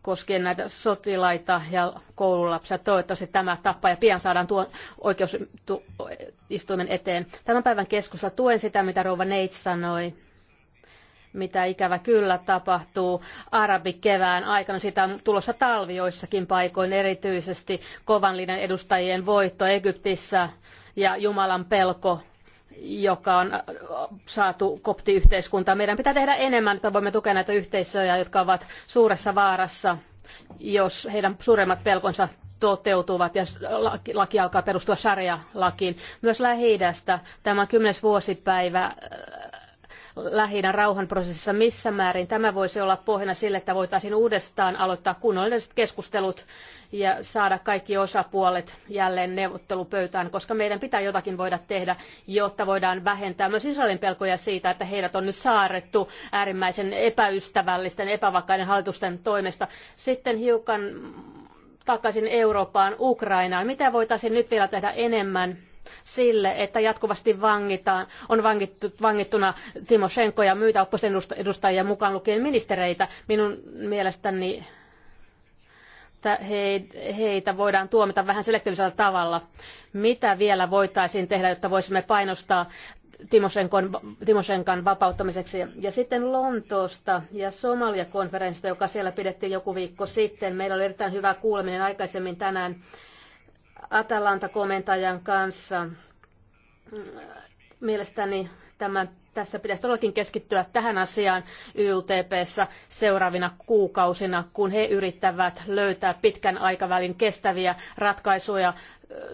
koskien näitä sotilaita ja koululapsia. Toivottavasti tämä tappaa ja pian saadaan tuon oikeusistuimen eteen. Tämän päivän keskussa tuen sitä, mitä Rouva Neit sanoi mitä ikävä kyllä tapahtuu arabikevään aikana. Sitä on tulossa talvi joissakin paikoin, erityisesti kovan linjan edustajien voitto Egyptissä ja Jumalan pelko joka on äh, saatu koptiyhteiskuntaan. Meidän pitää tehdä enemmän, että voimme tukea näitä yhteisöjä, jotka ovat suuressa vaarassa, jos heidän suuremmat pelkonsa toteutuvat ja laki, laki alkaa perustua sarjalakiin. Myös lähi tämä kymmenes vuosipäivä äh, lähi rauhanprosessissa, missä määrin tämä voisi olla pohjana sille, että voitaisiin uudestaan aloittaa kunnolliset keskustelut ja saada kaikki osapuolet jälleen neuvottelupöytään, koska meidän pitää jotakin voida tehdä, jotta voidaan vähentää myös Israelin pelkoja siitä, että heidät on nyt saarrettu äärimmäisen epäystävällisten, epävakaiden hallitusten toimesta. Sitten hiukan takaisin Eurooppaan, Ukrainaan. Mitä voitaisiin nyt vielä tehdä enemmän? sille, että jatkuvasti vangitaan, on vangittu, vangittuna Timoshenko ja myitä oppositioedustajia mukaan lukien ministereitä. Minun mielestäni että heitä voidaan tuomita vähän selektiivisellä tavalla. Mitä vielä voitaisiin tehdä, jotta voisimme painostaa Timoshenkan vapauttamiseksi. Ja sitten Lontoosta ja Somalia-konferenssista, joka siellä pidettiin joku viikko sitten. Meillä oli erittäin hyvä kuuleminen aikaisemmin tänään Atalanta-komentajan kanssa. Mielestäni tämä tässä pitäisi todellakin keskittyä tähän asiaan YUTPssä seuraavina kuukausina, kun he yrittävät löytää pitkän aikavälin kestäviä ratkaisuja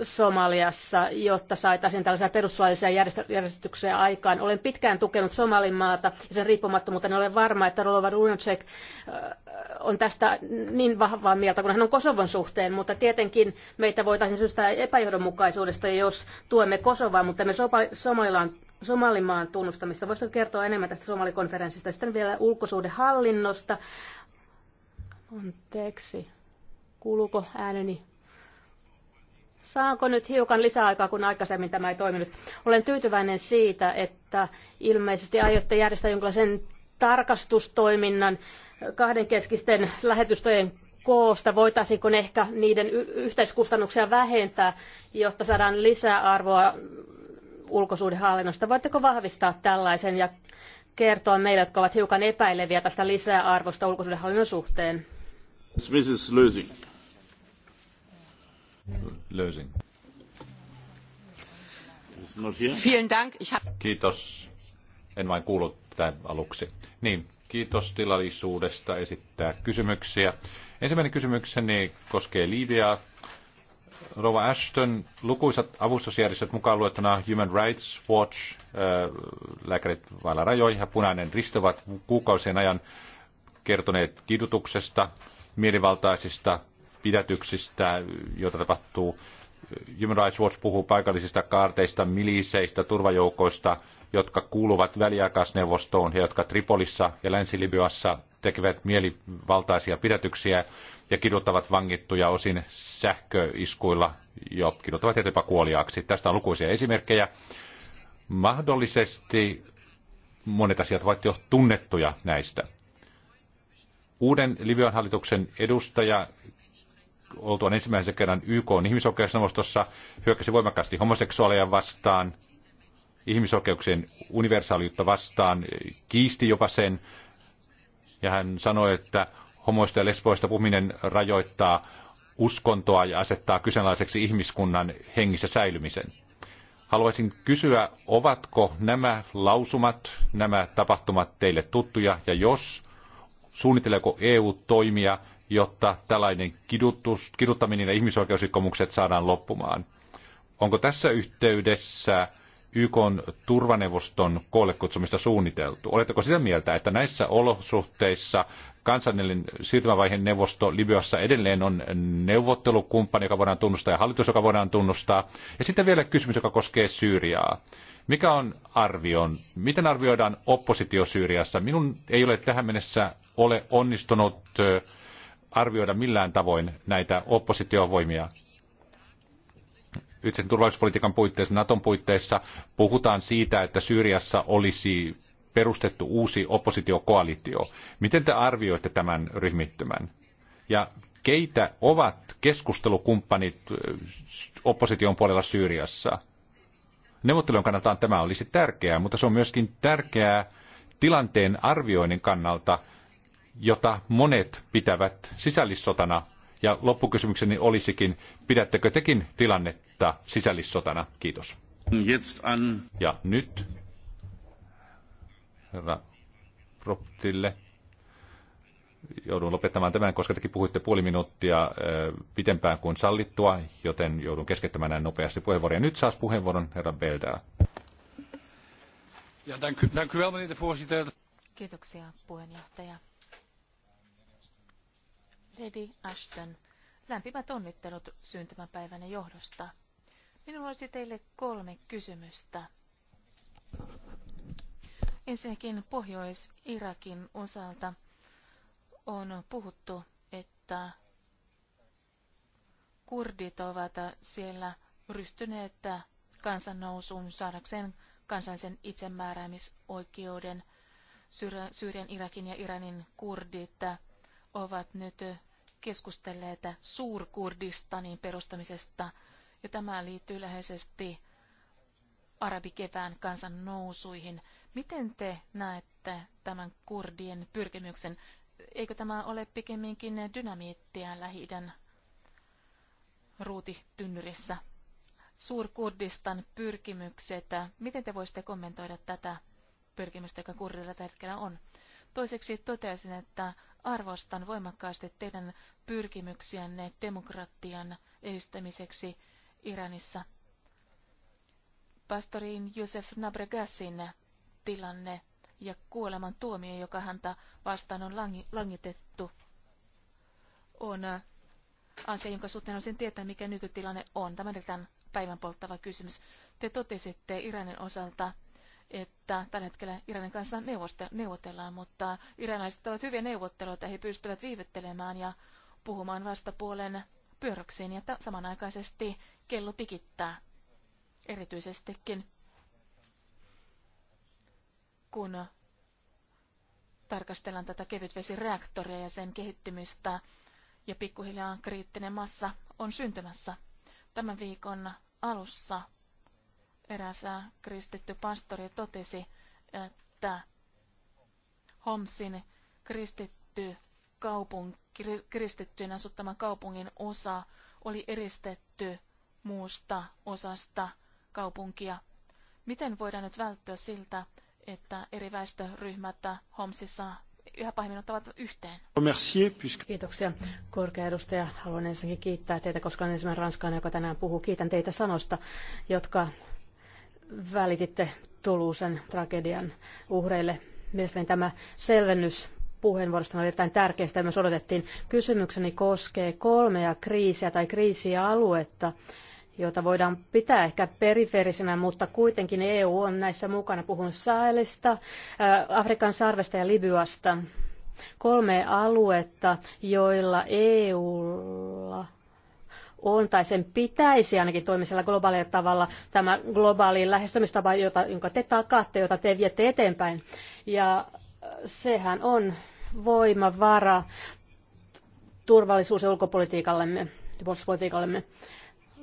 Somaliassa, jotta saataisiin tällaisia perustuslaillisia järjestyksiä aikaan. Olen pitkään tukenut Somalimaata ja sen riippumattomuutta. En niin ole varma, että Rolova Runacek äh, on tästä niin vahvaa mieltä kun hän on Kosovon suhteen, mutta tietenkin meitä voitaisiin syystä epäjohdonmukaisuudesta, jos tuemme Kosovaa, mutta me Somalilaan Somalimaan tunnustamista. Voisitko kertoa enemmän tästä somalikonferenssista? Sitten vielä ulkosuhdehallinnosta. Anteeksi. Kuuluuko ääneni Saanko nyt hiukan lisäaikaa, kun aikaisemmin tämä ei toiminut? Olen tyytyväinen siitä, että ilmeisesti aiotte järjestää jonkinlaisen tarkastustoiminnan kahdenkeskisten lähetystöjen koosta, voitaisiinko ehkä niiden yhteiskustannuksia vähentää, jotta saadaan lisäarvoa ulkosuhdehallinnosta. Voitteko vahvistaa tällaisen ja kertoa meille, jotka ovat hiukan epäileviä tästä lisäarvosta ulkosuhdehallinnon suhteen? Löysin. Kiitos. En vain kuulu tämän aluksi. Niin, kiitos tilallisuudesta esittää kysymyksiä. Ensimmäinen kysymykseni koskee Liiviaa. Rova Ashton, lukuisat avustusjärjestöt mukaan luettuna Human Rights Watch, äh, lääkärit vailla rajoihin ja punainen ristovat kuukausien ajan kertoneet kidutuksesta, mielivaltaisista pidätyksistä, joita tapahtuu. Human Rights Watch puhuu paikallisista kaarteista, miliseistä, turvajoukoista, jotka kuuluvat väliaikaisneuvostoon ja jotka Tripolissa ja Länsi-Libyassa tekevät mielivaltaisia pidätyksiä ja kiduttavat vangittuja osin sähköiskuilla ja kiduttavat jopa kuoliaaksi. Tästä on lukuisia esimerkkejä. Mahdollisesti monet asiat ovat jo tunnettuja näistä. Uuden Libyan hallituksen edustaja oltuaan ensimmäisen kerran YK on ihmisoikeusneuvostossa hyökkäsi voimakkaasti homoseksuaaleja vastaan, ihmisoikeuksien universaaliutta vastaan, kiisti jopa sen, ja hän sanoi, että homoista ja lesboista puhuminen rajoittaa uskontoa ja asettaa kyseenalaiseksi ihmiskunnan hengissä säilymisen. Haluaisin kysyä, ovatko nämä lausumat, nämä tapahtumat teille tuttuja, ja jos, suunnitteleeko EU toimia jotta tällainen kidutus, kiduttaminen ja ihmisoikeusrikkomukset saadaan loppumaan. Onko tässä yhteydessä YK turvaneuvoston koolle kutsumista suunniteltu? Oletteko sitä mieltä, että näissä olosuhteissa kansallinen siirtymävaiheen neuvosto Libyassa edelleen on neuvottelukumppani, joka voidaan tunnustaa, ja hallitus, joka voidaan tunnustaa? Ja sitten vielä kysymys, joka koskee Syyriaa. Mikä on arvion? Miten arvioidaan oppositio Syyriassa? Minun ei ole tähän mennessä ole onnistunut arvioida millään tavoin näitä oppositiovoimia. Yhteisen turvallisuuspolitiikan puitteissa, Naton puitteissa puhutaan siitä, että Syyriassa olisi perustettu uusi oppositiokoalitio. Miten te arvioitte tämän ryhmittymän? Ja keitä ovat keskustelukumppanit opposition puolella Syyriassa? Neuvottelujen kannalta tämä olisi tärkeää, mutta se on myöskin tärkeää tilanteen arvioinnin kannalta – jota monet pitävät sisällissotana. Ja loppukysymykseni olisikin, pidättekö tekin tilannetta sisällissotana? Kiitos. Ja nyt herra Proptille. Joudun lopettamaan tämän, koska tekin puhuitte puoli minuuttia pitempään kuin sallittua, joten joudun keskittämään näin nopeasti puheenvuoroja. Nyt saas puheenvuoron herra Beldää. Ja, dank, dank u Kiitoksia puheenjohtaja. Lady Ashton, lämpimät onnittelut syntymäpäivänä johdosta. Minulla olisi teille kolme kysymystä. Ensinnäkin Pohjois-Irakin osalta on puhuttu, että kurdit ovat siellä ryhtyneet kansannousuun saadakseen kansallisen itsemääräämisoikeuden. Syyrian, Irakin ja Iranin kurdit ovat nyt keskustelleet Suurkurdistanin perustamisesta, ja tämä liittyy läheisesti arabikevään kansan nousuihin. Miten te näette tämän kurdien pyrkimyksen? Eikö tämä ole pikemminkin dynamiittia lähi ruutitynnyrissä? Suurkurdistan pyrkimykset, miten te voisitte kommentoida tätä pyrkimystä, joka kurdilla tällä hetkellä on? Toiseksi toteaisin, että arvostan voimakkaasti teidän pyrkimyksiänne demokratian edistämiseksi Iranissa. Pastorin Josef Nabregasin tilanne ja kuoleman tuomio, joka häntä vastaan on langitettu, on asia, jonka suhteen sen tietää, mikä nykytilanne on. Tämä on päivän polttava kysymys. Te totesitte Iranin osalta, että tällä hetkellä Iranin kanssa neuvotellaan, mutta iranilaiset ovat hyviä neuvotteluita, he pystyvät viivyttelemään ja puhumaan vastapuolen pyöröksiin, ja samanaikaisesti kello tikittää erityisestikin, kun tarkastellaan tätä kevytvesireaktoria ja sen kehittymistä, ja pikkuhiljaa kriittinen massa on syntymässä. Tämän viikon alussa eräs kristitty pastori totesi, että Homsin kristitty kaupunk, kristittyyn asuttama kaupungin osa oli eristetty muusta osasta kaupunkia. Miten voidaan nyt välttyä siltä, että eri väestöryhmät Homsissa yhä pahimmin ottavat yhteen. Kiitoksia korkea edustaja. Haluan ensinnäkin kiittää teitä, koska olen ensimmäinen ranskalainen, joka tänään puhuu. Kiitän teitä sanosta, jotka välititte Tuluusen tragedian uhreille. Mielestäni tämä selvennys puheenvuorosta on erittäin tärkeä, sitä myös odotettiin. Kysymykseni koskee kolmea kriisiä tai kriisialuetta, joita voidaan pitää ehkä periferisinä, mutta kuitenkin EU on näissä mukana. Puhun Saelista, äh, Afrikan sarvesta ja Libyasta. Kolme aluetta, joilla EUlla on, tai sen pitäisi ainakin toimia globaalilla tavalla, tämä globaali lähestymistapa, jota, jonka te takaatte, jota te viette eteenpäin. Ja äh, sehän on voimavara turvallisuus- ja ulkopolitiikallemme ja puolustuspolitiikallemme.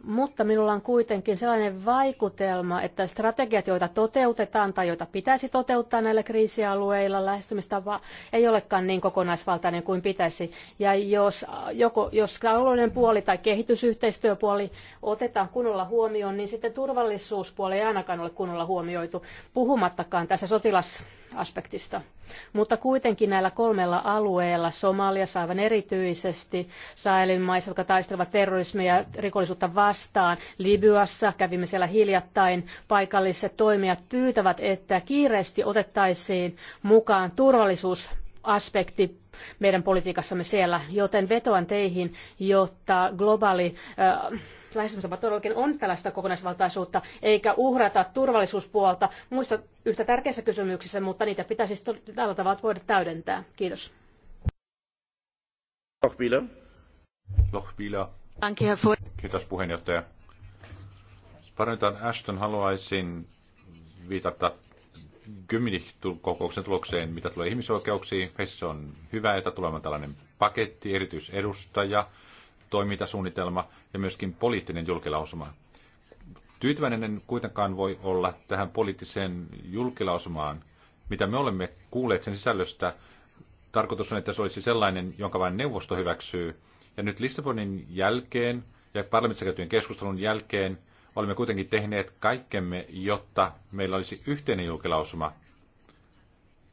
Mutta minulla on kuitenkin sellainen vaikutelma, että strategiat, joita toteutetaan tai joita pitäisi toteuttaa näillä kriisialueilla, lähestymistapa ei olekaan niin kokonaisvaltainen kuin pitäisi. Ja jos, joko, jos talouden puoli tai kehitysyhteistyöpuoli otetaan kunnolla huomioon, niin sitten turvallisuuspuoli ei ainakaan ole kunnolla huomioitu, puhumattakaan tässä sotilas aspektista. Mutta kuitenkin näillä kolmella alueella, Somaliassa aivan erityisesti, Sahelin maissa, jotka taistelevat terrorismia ja rikollisuutta vastaan, Libyassa, kävimme siellä hiljattain, paikalliset toimijat pyytävät, että kiireesti otettaisiin mukaan turvallisuus aspekti meidän politiikassamme siellä, joten vetoan teihin, jotta globaali äh, lähestymistapa todellakin on tällaista kokonaisvaltaisuutta, eikä uhrata turvallisuuspuolta muissa yhtä tärkeissä kysymyksissä, mutta niitä pitäisi siis tällä tavalla voida täydentää. Kiitos. Lohpila. Lohpila. Kiitos puheenjohtaja. Parantan Ashton, haluaisin viitata Gymnich-kokouksen tulokseen, mitä tulee ihmisoikeuksiin. Heissä on hyvä, että tulee tällainen paketti, erityisedustaja, toimintasuunnitelma ja myöskin poliittinen julkilausuma. Tyytyväinen en kuitenkaan voi olla tähän poliittiseen julkilausumaan, mitä me olemme kuulleet sen sisällöstä. Tarkoitus on, että se olisi sellainen, jonka vain neuvosto hyväksyy. Ja nyt Lissabonin jälkeen ja parlamentissa käytyjen keskustelun jälkeen olemme kuitenkin tehneet kaikkemme, jotta meillä olisi yhteinen julkilausuma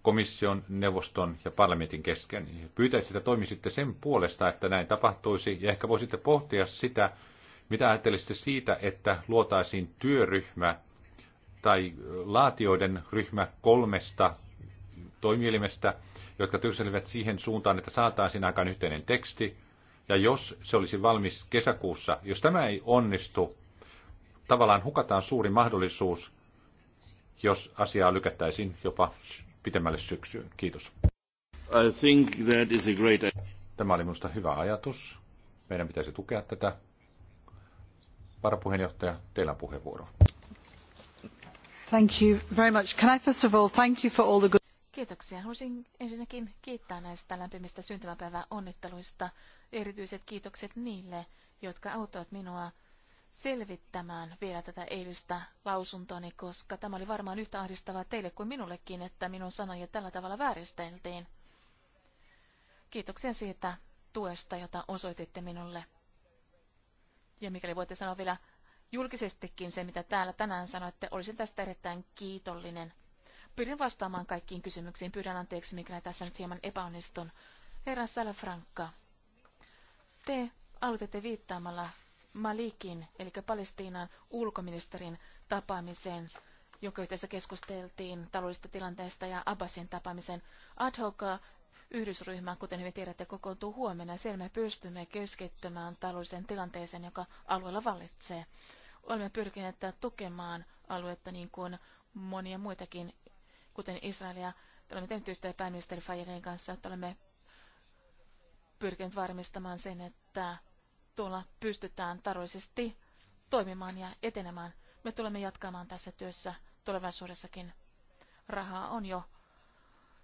komission, neuvoston ja parlamentin kesken. Pyytäisin, että toimisitte sen puolesta, että näin tapahtuisi, ja ehkä voisitte pohtia sitä, mitä ajattelisitte siitä, että luotaisiin työryhmä tai laatioiden ryhmä kolmesta toimielimestä, jotka työskentelevät siihen suuntaan, että saataisiin aikaan yhteinen teksti, ja jos se olisi valmis kesäkuussa, jos tämä ei onnistu, tavallaan hukataan suuri mahdollisuus, jos asiaa lykättäisiin jopa pitemmälle syksyyn. Kiitos. I think that is a great... Tämä oli minusta hyvä ajatus. Meidän pitäisi tukea tätä. Varapuheenjohtaja, teillä on puheenvuoro. Thank you very much. Can I first of all thank you for all the good... Kiitoksia. Haluaisin ensinnäkin kiittää näistä lämpimistä syntymäpäivän onnitteluista. Erityiset kiitokset niille, jotka auttavat minua selvittämään vielä tätä eilistä lausuntoni, koska tämä oli varmaan yhtä ahdistavaa teille kuin minullekin, että minun sanoja tällä tavalla vääristeltiin. Kiitoksia siitä tuesta, jota osoititte minulle. Ja mikäli voitte sanoa vielä julkisestikin se, mitä täällä tänään sanoitte, olisin tästä erittäin kiitollinen. Pyrin vastaamaan kaikkiin kysymyksiin. Pyydän anteeksi, mikäli tässä nyt hieman epäonnistun. Herra Salafranca, te aloitette viittaamalla Malikin, eli Palestiinan ulkoministerin tapaamiseen, jonka yhteydessä keskusteltiin taloudellisesta tilanteesta ja Abbasin tapaamisen ad hoc Yhdysryhmä, kuten hyvin tiedätte, kokoontuu huomenna. Siellä me pystymme keskittymään taloudelliseen tilanteeseen, joka alueella vallitsee. Olemme pyrkineet tukemaan aluetta niin kuin monia muitakin, kuten Israelia. Olemme tehneet yhteyttä pääministeri Fajerin kanssa, että olemme pyrkineet varmistamaan sen, että tuolla pystytään taloudellisesti toimimaan ja etenemään. Me tulemme jatkamaan tässä työssä tulevaisuudessakin. Rahaa on jo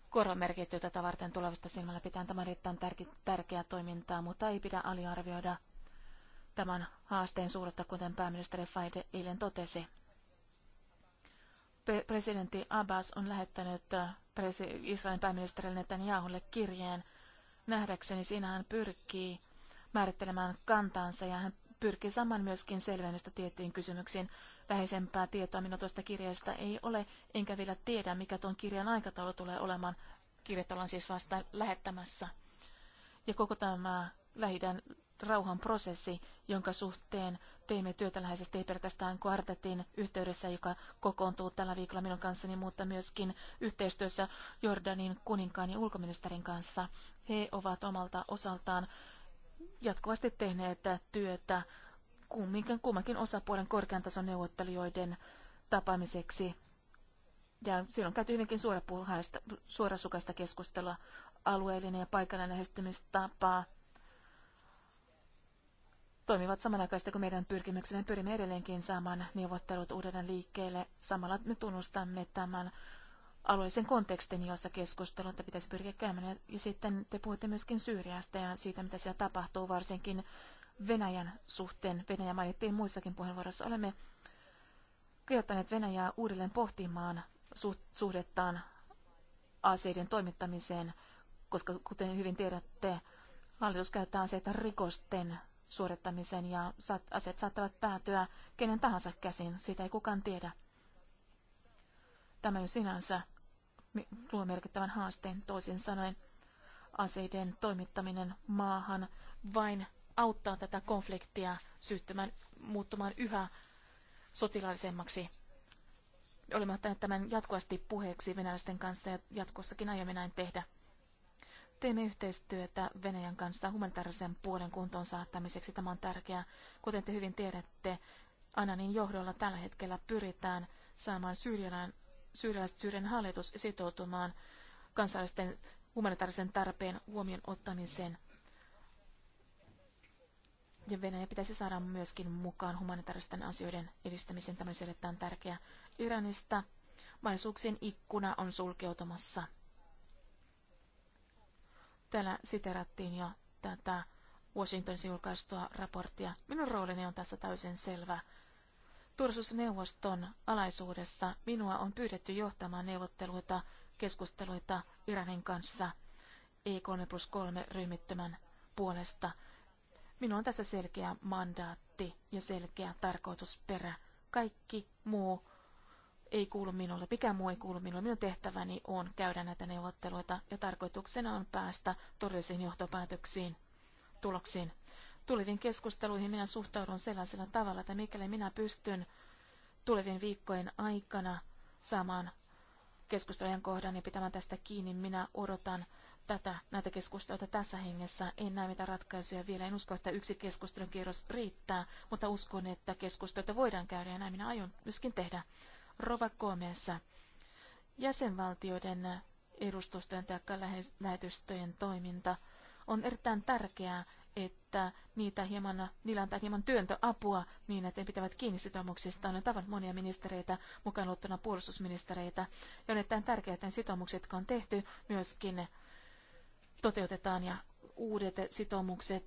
korvamerkitty tätä varten tulevista silmällä pitää tämä erittäin tärkeää toimintaa, mutta ei pidä aliarvioida tämän haasteen suuretta, kuten pääministeri Faide eilen totesi. presidentti Abbas on lähettänyt äh, Israelin pääministerille Netanyahulle kirjeen. Nähdäkseni siinä hän pyrkii määrittelemään kantaansa ja hän pyrkii saman myöskin selvennystä tiettyihin kysymyksiin. Läheisempää tietoa minun tuosta kirjasta ei ole, enkä vielä tiedä, mikä tuon kirjan aikataulu tulee olemaan. Kirjat ollaan siis vasta lähettämässä. Ja koko tämä lähidän rauhan prosessi, jonka suhteen teimme työtä läheisesti ei pelkästään kvartetin yhteydessä, joka kokoontuu tällä viikolla minun kanssani, mutta myöskin yhteistyössä Jordanin kuninkaan ja ulkoministerin kanssa. He ovat omalta osaltaan jatkuvasti tehneet työtä kumminkin, kummakin osapuolen korkean tason neuvottelijoiden tapaamiseksi. Ja silloin käyty hyvinkin suorasukaista keskustelua, alueellinen ja paikallinen lähestymistapa toimivat samanaikaisesti kuin meidän pyrkimyksemme. Pyrimme edelleenkin saamaan neuvottelut uudelleen liikkeelle. Samalla me tunnustamme tämän alueellisen kontekstin, jossa keskusteluita pitäisi pyrkiä käymään. Ja sitten te puhutte myöskin Syyriasta ja siitä, mitä siellä tapahtuu, varsinkin Venäjän suhteen. Venäjä mainittiin muissakin puheenvuoroissa. Olemme kehottaneet Venäjää uudelleen pohtimaan suhdettaan aseiden toimittamiseen, koska kuten hyvin tiedätte, hallitus käyttää aseita rikosten suorittamiseen ja aseet saattavat päätyä kenen tahansa käsin, sitä ei kukaan tiedä. Tämä jo sinänsä luo merkittävän haasteen. Toisin sanoen aseiden toimittaminen maahan vain auttaa tätä konfliktia syyttämään, muuttumaan yhä sotilaallisemmaksi. Olemme ottaneet tämän jatkuvasti puheeksi venäläisten kanssa ja jatkossakin aiomme näin tehdä. Teemme yhteistyötä Venäjän kanssa humanitaarisen puolen kuntoon saattamiseksi. Tämä on tärkeää. Kuten te hyvin tiedätte, Ananin johdolla tällä hetkellä pyritään saamaan syrjälään syyrialaisen hallitus sitoutumaan kansalaisten humanitaarisen tarpeen huomioon ottamiseen. Ja Venäjä pitäisi saada myöskin mukaan humanitaaristen asioiden edistämiseen. Tämä on tärkeä. Iranista Maisuuksien ikkuna on sulkeutumassa. Täällä siterattiin jo tätä Washingtonin julkaistua raporttia. Minun roolini on tässä täysin selvä. Turvallisuusneuvoston alaisuudessa minua on pyydetty johtamaan neuvotteluita, keskusteluita Iranin kanssa E3 plus 3 ryhmittymän puolesta. Minulla on tässä selkeä mandaatti ja selkeä tarkoitusperä. Kaikki muu ei kuulu minulle, mikä muu ei kuulu minulle. Minun tehtäväni on käydä näitä neuvotteluita ja tarkoituksena on päästä todellisiin johtopäätöksiin, tuloksiin tuleviin keskusteluihin minä suhtaudun sellaisella tavalla, että mikäli minä pystyn tulevien viikkojen aikana saamaan keskustelujen kohdan ja pitämään tästä kiinni, minä odotan tätä, näitä keskusteluita tässä hengessä. En näe mitään ratkaisuja vielä. En usko, että yksi keskustelukierros riittää, mutta uskon, että keskusteluita voidaan käydä ja näin minä aion myöskin tehdä. Rova jäsenvaltioiden edustustojen tai lähetystöjen toiminta – on erittäin tärkeää, että niitä hieman, niillä antaa hieman työntöapua niin, että ne pitävät kiinni sitoumuksista. on tavannut monia ministereitä, mukaan luottuna puolustusministereitä. Ja on erittäin tärkeää, että ne sitoumukset, jotka on tehty, myöskin toteutetaan ja uudet sitoumukset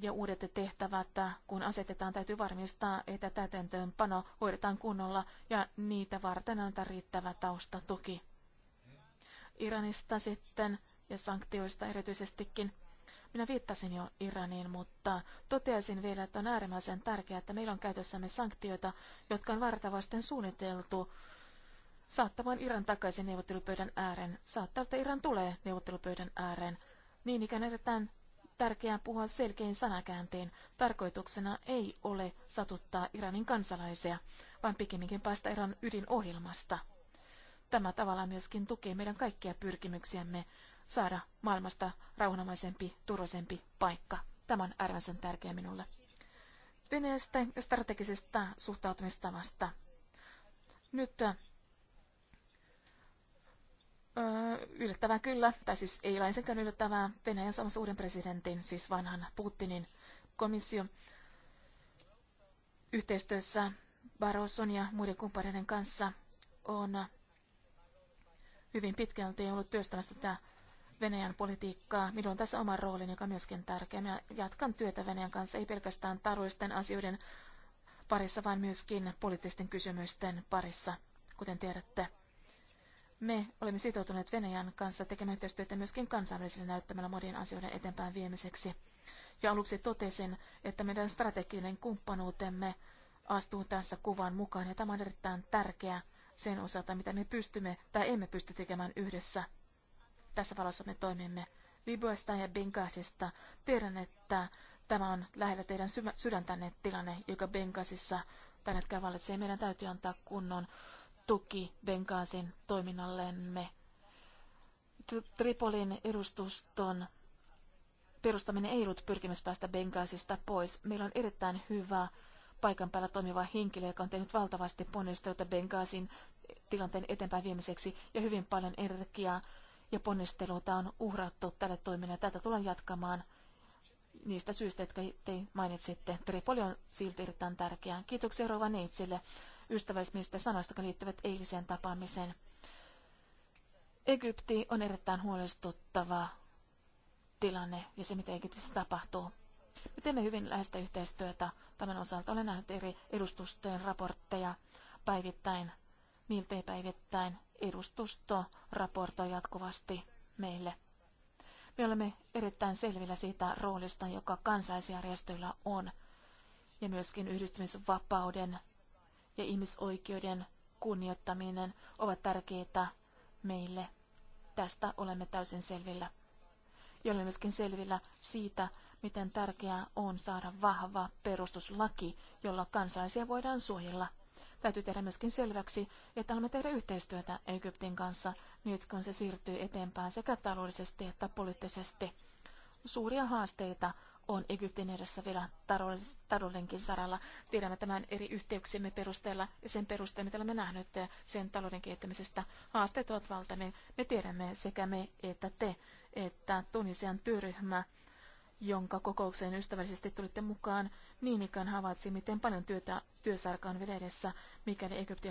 ja uudet tehtävät, kun asetetaan, täytyy varmistaa, että täytäntöönpano hoidetaan kunnolla ja niitä varten antaa riittävä taustatuki. Iranista sitten ja sanktioista erityisestikin. Minä viittasin jo Iraniin, mutta toteaisin vielä, että on äärimmäisen tärkeää, että meillä on käytössämme sanktioita, jotka on vartavasten suunniteltu saattamaan Iran takaisin neuvottelupöydän ääreen. Saattaa, että Iran tulee neuvottelupöydän ääreen. Niin ikään edetään tärkeää puhua selkein sanakääntein. Tarkoituksena ei ole satuttaa Iranin kansalaisia, vaan pikemminkin päästä eron ydinohjelmasta. Tämä tavalla myöskin tukee meidän kaikkia pyrkimyksiämme saada maailmasta rauhanomaisempi, turvallisempi paikka. Tämä on äärimmäisen tärkeä minulle. Venäjästä ja strategisesta suhtautumistavasta. Nyt Öö, yllättävää kyllä, tai siis ei laisinkaan yllättävää, Venäjän saamassa uuden presidentin, siis vanhan Putinin komissio yhteistyössä Barroson ja muiden kumppaneiden kanssa on hyvin pitkälti ollut työstämässä tätä Venäjän politiikkaa. Minulla on tässä oma roolin, joka on myöskin tärkeä. Minä jatkan työtä Venäjän kanssa, ei pelkästään taruisten asioiden parissa, vaan myöskin poliittisten kysymysten parissa, kuten tiedätte. Me olemme sitoutuneet Venäjän kanssa tekemään yhteistyötä myöskin kansainvälisellä näyttämällä modien asioiden eteenpäin viemiseksi. Ja aluksi totesin, että meidän strateginen kumppanuutemme astuu tässä kuvan mukaan, ja tämä on erittäin tärkeää sen osalta, mitä me pystymme tai emme pysty tekemään yhdessä. Tässä valossa me toimimme Libyasta ja Benghazista. Tiedän, että tämä on lähellä teidän sydäntänne tilanne, joka Benghazissa tällä hetkellä vallitsee. Meidän täytyy antaa kunnon tuki Benghazin toiminnallemme. Tripolin edustuston perustaminen ei ollut pyrkimys päästä Benghazista pois. Meillä on erittäin hyvä paikan päällä toimiva henkilö, joka on tehnyt valtavasti ponnisteluita Benghazin tilanteen eteenpäin viemiseksi ja hyvin paljon energiaa ja ponnisteluita on uhrattu tälle toiminnalle. Tätä tullaan jatkamaan niistä syistä, jotka te mainitsitte. Tripoli on silti erittäin tärkeää. Kiitoksia Rova Neitsille ystävällismistä sanoista, jotka liittyvät eiliseen tapaamiseen. Egypti on erittäin huolestuttava tilanne ja se, mitä Egyptissä tapahtuu. Me teemme hyvin läheistä yhteistyötä tämän osalta. Olen nähnyt eri edustustojen raportteja päivittäin miltei päivittäin edustusto raportoi jatkuvasti meille. Me olemme erittäin selvillä siitä roolista, joka kansaisjärjestöillä on, ja myöskin yhdistymisvapauden ja ihmisoikeuden kunnioittaminen ovat tärkeitä meille. Tästä olemme täysin selvillä. Ja olemme myöskin selvillä siitä, miten tärkeää on saada vahva perustuslaki, jolla kansalaisia voidaan suojella Täytyy tehdä myöskin selväksi, että olemme tehdä yhteistyötä Egyptin kanssa nyt, kun se siirtyy eteenpäin sekä taloudellisesti että poliittisesti. Suuria haasteita on Egyptin edessä vielä taloudenkin saralla. Tiedämme tämän eri yhteyksiemme perusteella ja sen perusteella, mitä olemme nähneet sen talouden kehittämisestä. Haasteet ovat valtavia. Me tiedämme sekä me että te, että Tunisian työryhmä – jonka kokoukseen ystävällisesti tulitte mukaan, niin ikään havaitsi, miten paljon työtä työsarka on vielä edessä, mikäli Egypti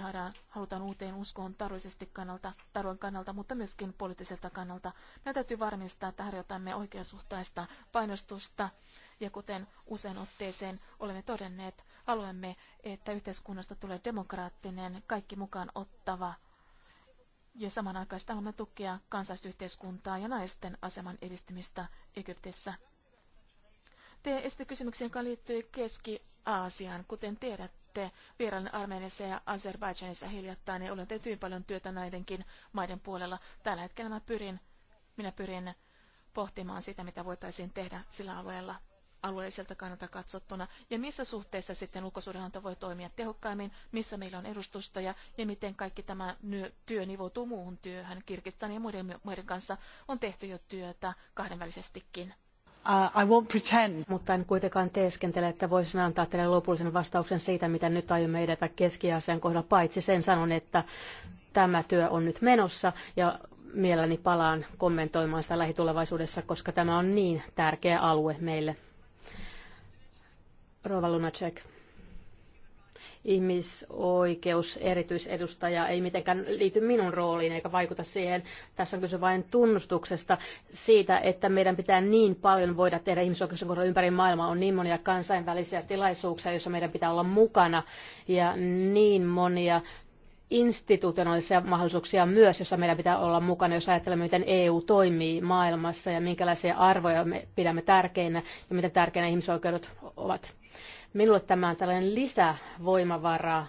halutaan uuteen uskoon taloudellisesti kannalta, talouden kannalta, mutta myöskin poliittiselta kannalta. Meidän täytyy varmistaa, että harjoitamme oikeasuhtaista painostusta, ja kuten usein otteeseen olemme todenneet, haluamme, että yhteiskunnasta tulee demokraattinen, kaikki mukaan ottava ja samanaikaisesti haluamme tukea kansalaisyhteiskuntaa ja naisten aseman edistymistä Egyptissä. Te esitte kysymyksen, joka liittyy Keski-Aasiaan. Kuten tiedätte, vierailin Armeniassa ja Azerbaidžanissa hiljattain ja olen tehnyt paljon työtä näidenkin maiden puolella. Tällä hetkellä mä pyrin, minä pyrin pohtimaan sitä, mitä voitaisiin tehdä sillä alueella alueelliselta kannalta katsottuna, ja missä suhteessa sitten ulkosuudenanto voi toimia tehokkaimmin, missä meillä on edustusta ja, ja miten kaikki tämä työ nivoutuu muuhun työhön. Kirkistan ja muiden maiden kanssa on tehty jo työtä kahdenvälisestikin. Uh, I won't pretend. Mutta en kuitenkaan teeskentele, että voisin antaa teille lopullisen vastauksen siitä, mitä nyt aiomme edetä keski-Aasian kohdalla, paitsi sen sanon, että tämä työ on nyt menossa ja mielelläni palaan kommentoimaan sitä lähitulevaisuudessa, koska tämä on niin tärkeä alue meille. Rova Lunacek ihmisoikeus erityisedustaja ei mitenkään liity minun rooliin eikä vaikuta siihen. Tässä on kyse vain tunnustuksesta siitä, että meidän pitää niin paljon voida tehdä ihmisoikeuksien kohdalla ympäri maailmaa. On niin monia kansainvälisiä tilaisuuksia, joissa meidän pitää olla mukana ja niin monia institutionaalisia mahdollisuuksia myös, jossa meidän pitää olla mukana, jos ajattelemme, miten EU toimii maailmassa ja minkälaisia arvoja me pidämme tärkeinä ja miten tärkeinä ihmisoikeudet ovat. Minulle tämä on tällainen lisävoimavara,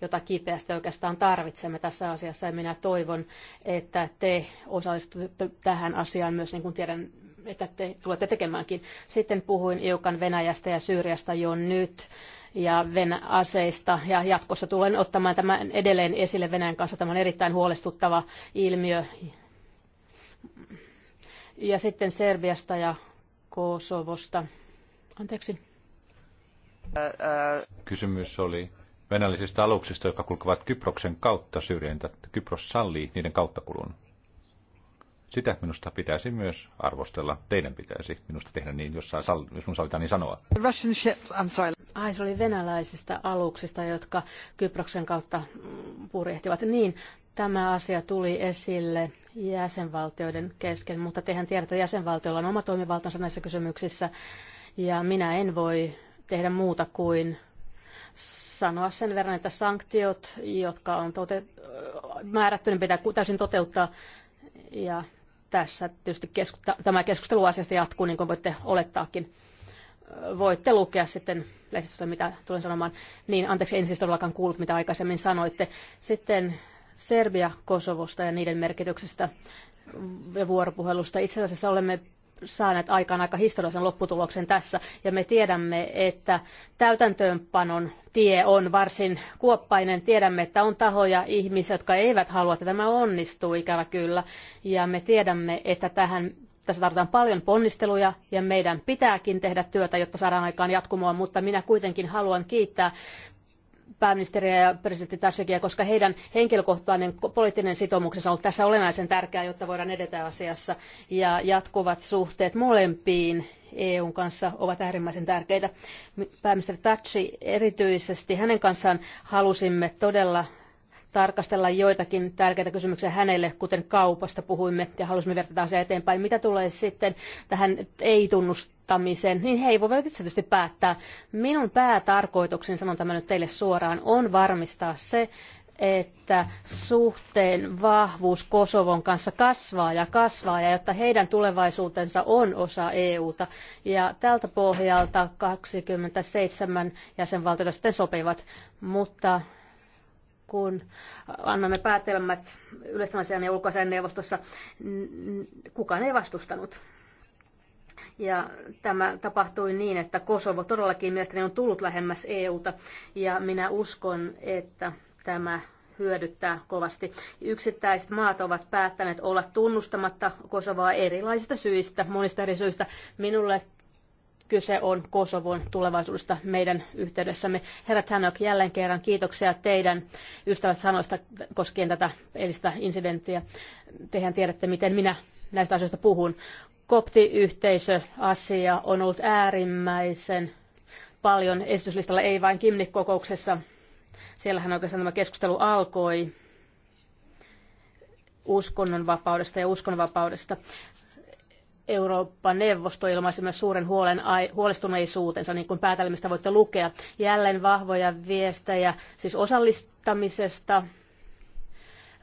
jota kipeästi oikeastaan tarvitsemme tässä asiassa. Ja minä toivon, että te osallistutte tähän asiaan myös, niin kuin tiedän, että te tulette tekemäänkin. Sitten puhuin hiukan Venäjästä ja Syyriasta jo nyt ja Venä- aseista ja jatkossa tulen ottamaan tämän edelleen esille Venäjän kanssa. Tämä on erittäin huolestuttava ilmiö. Ja sitten Serbiasta ja Kosovosta. Anteeksi. Kysymys oli venäläisistä aluksista, jotka kulkevat Kyproksen kautta Syyrian, että Kypros sallii niiden kauttakulun. Sitä minusta pitäisi myös arvostella. Teidän pitäisi minusta tehdä niin, jos, saa, jos sallitaan niin sanoa. Russian ships, I'm sorry. Ai, se oli venäläisistä aluksista, jotka Kyproksen kautta purjehtivat. Niin, tämä asia tuli esille jäsenvaltioiden kesken, mutta tehän tiedätte, että jäsenvaltioilla on oma toimivaltansa näissä kysymyksissä. Ja minä en voi tehdä muuta kuin sanoa sen verran, että sanktiot, jotka on tote- määrätty, niin pitää täysin toteuttaa. Ja tässä tietysti kesku- tämä keskustelu asiasta jatkuu, niin kuin voitte olettaakin. Voitte lukea sitten lehdistöstä, mitä tulen sanomaan. Niin, anteeksi, en siis todellakaan kuullut, mitä aikaisemmin sanoitte. Sitten Serbia Kosovosta ja niiden merkityksestä ja vuoropuhelusta. Itse asiassa olemme saaneet aikaan aika historiallisen lopputuloksen tässä. Ja me tiedämme, että täytäntöönpanon tie on varsin kuoppainen. Tiedämme, että on tahoja ihmisiä, jotka eivät halua, että tämä onnistuu ikävä kyllä. Ja me tiedämme, että tähän tässä tarvitaan paljon ponnisteluja ja meidän pitääkin tehdä työtä, jotta saadaan aikaan jatkumoa, mutta minä kuitenkin haluan kiittää pääministeriä ja presidentti Tasekia, koska heidän henkilökohtainen poliittinen sitoumuksensa on ollut tässä olennaisen tärkeää, jotta voidaan edetä asiassa. Ja jatkuvat suhteet molempiin EUn kanssa ovat äärimmäisen tärkeitä. Pääministeri Tachi erityisesti hänen kanssaan halusimme todella tarkastella joitakin tärkeitä kysymyksiä hänelle, kuten kaupasta puhuimme ja halusimme vertata asiaa eteenpäin. Mitä tulee sitten tähän ei-tunnustamiseen, niin he voivat itse tietysti päättää. Minun päätarkoitukseni, sanon tämän nyt teille suoraan, on varmistaa se, että suhteen vahvuus Kosovon kanssa kasvaa ja kasvaa, ja jotta heidän tulevaisuutensa on osa EUta. Ja tältä pohjalta 27 jäsenvaltiota sitten sopivat, mutta kun annamme päätelmät yleisasian ja ulkoisen neuvostossa, kukaan ei vastustanut. Ja tämä tapahtui niin, että Kosovo todellakin mielestäni on tullut lähemmäs EUta, ja minä uskon, että tämä hyödyttää kovasti. Yksittäiset maat ovat päättäneet olla tunnustamatta Kosovoa erilaisista syistä, monista eri syistä. Minulle kyse on Kosovon tulevaisuudesta meidän yhteydessämme. Herra Tanok, jälleen kerran kiitoksia teidän ystävät sanoista koskien tätä eilistä insidenttiä. Tehän tiedätte, miten minä näistä asioista puhun. Koptiyhteisöasia on ollut äärimmäisen paljon esityslistalla, ei vain Kimnik-kokouksessa. Siellähän oikeastaan tämä keskustelu alkoi uskonnonvapaudesta ja uskonnonvapaudesta. Euroopan neuvosto ilmaisi myös suuren huolen, huolestuneisuutensa, niin kuin päätelmistä voitte lukea. Jälleen vahvoja viestejä siis osallistamisesta,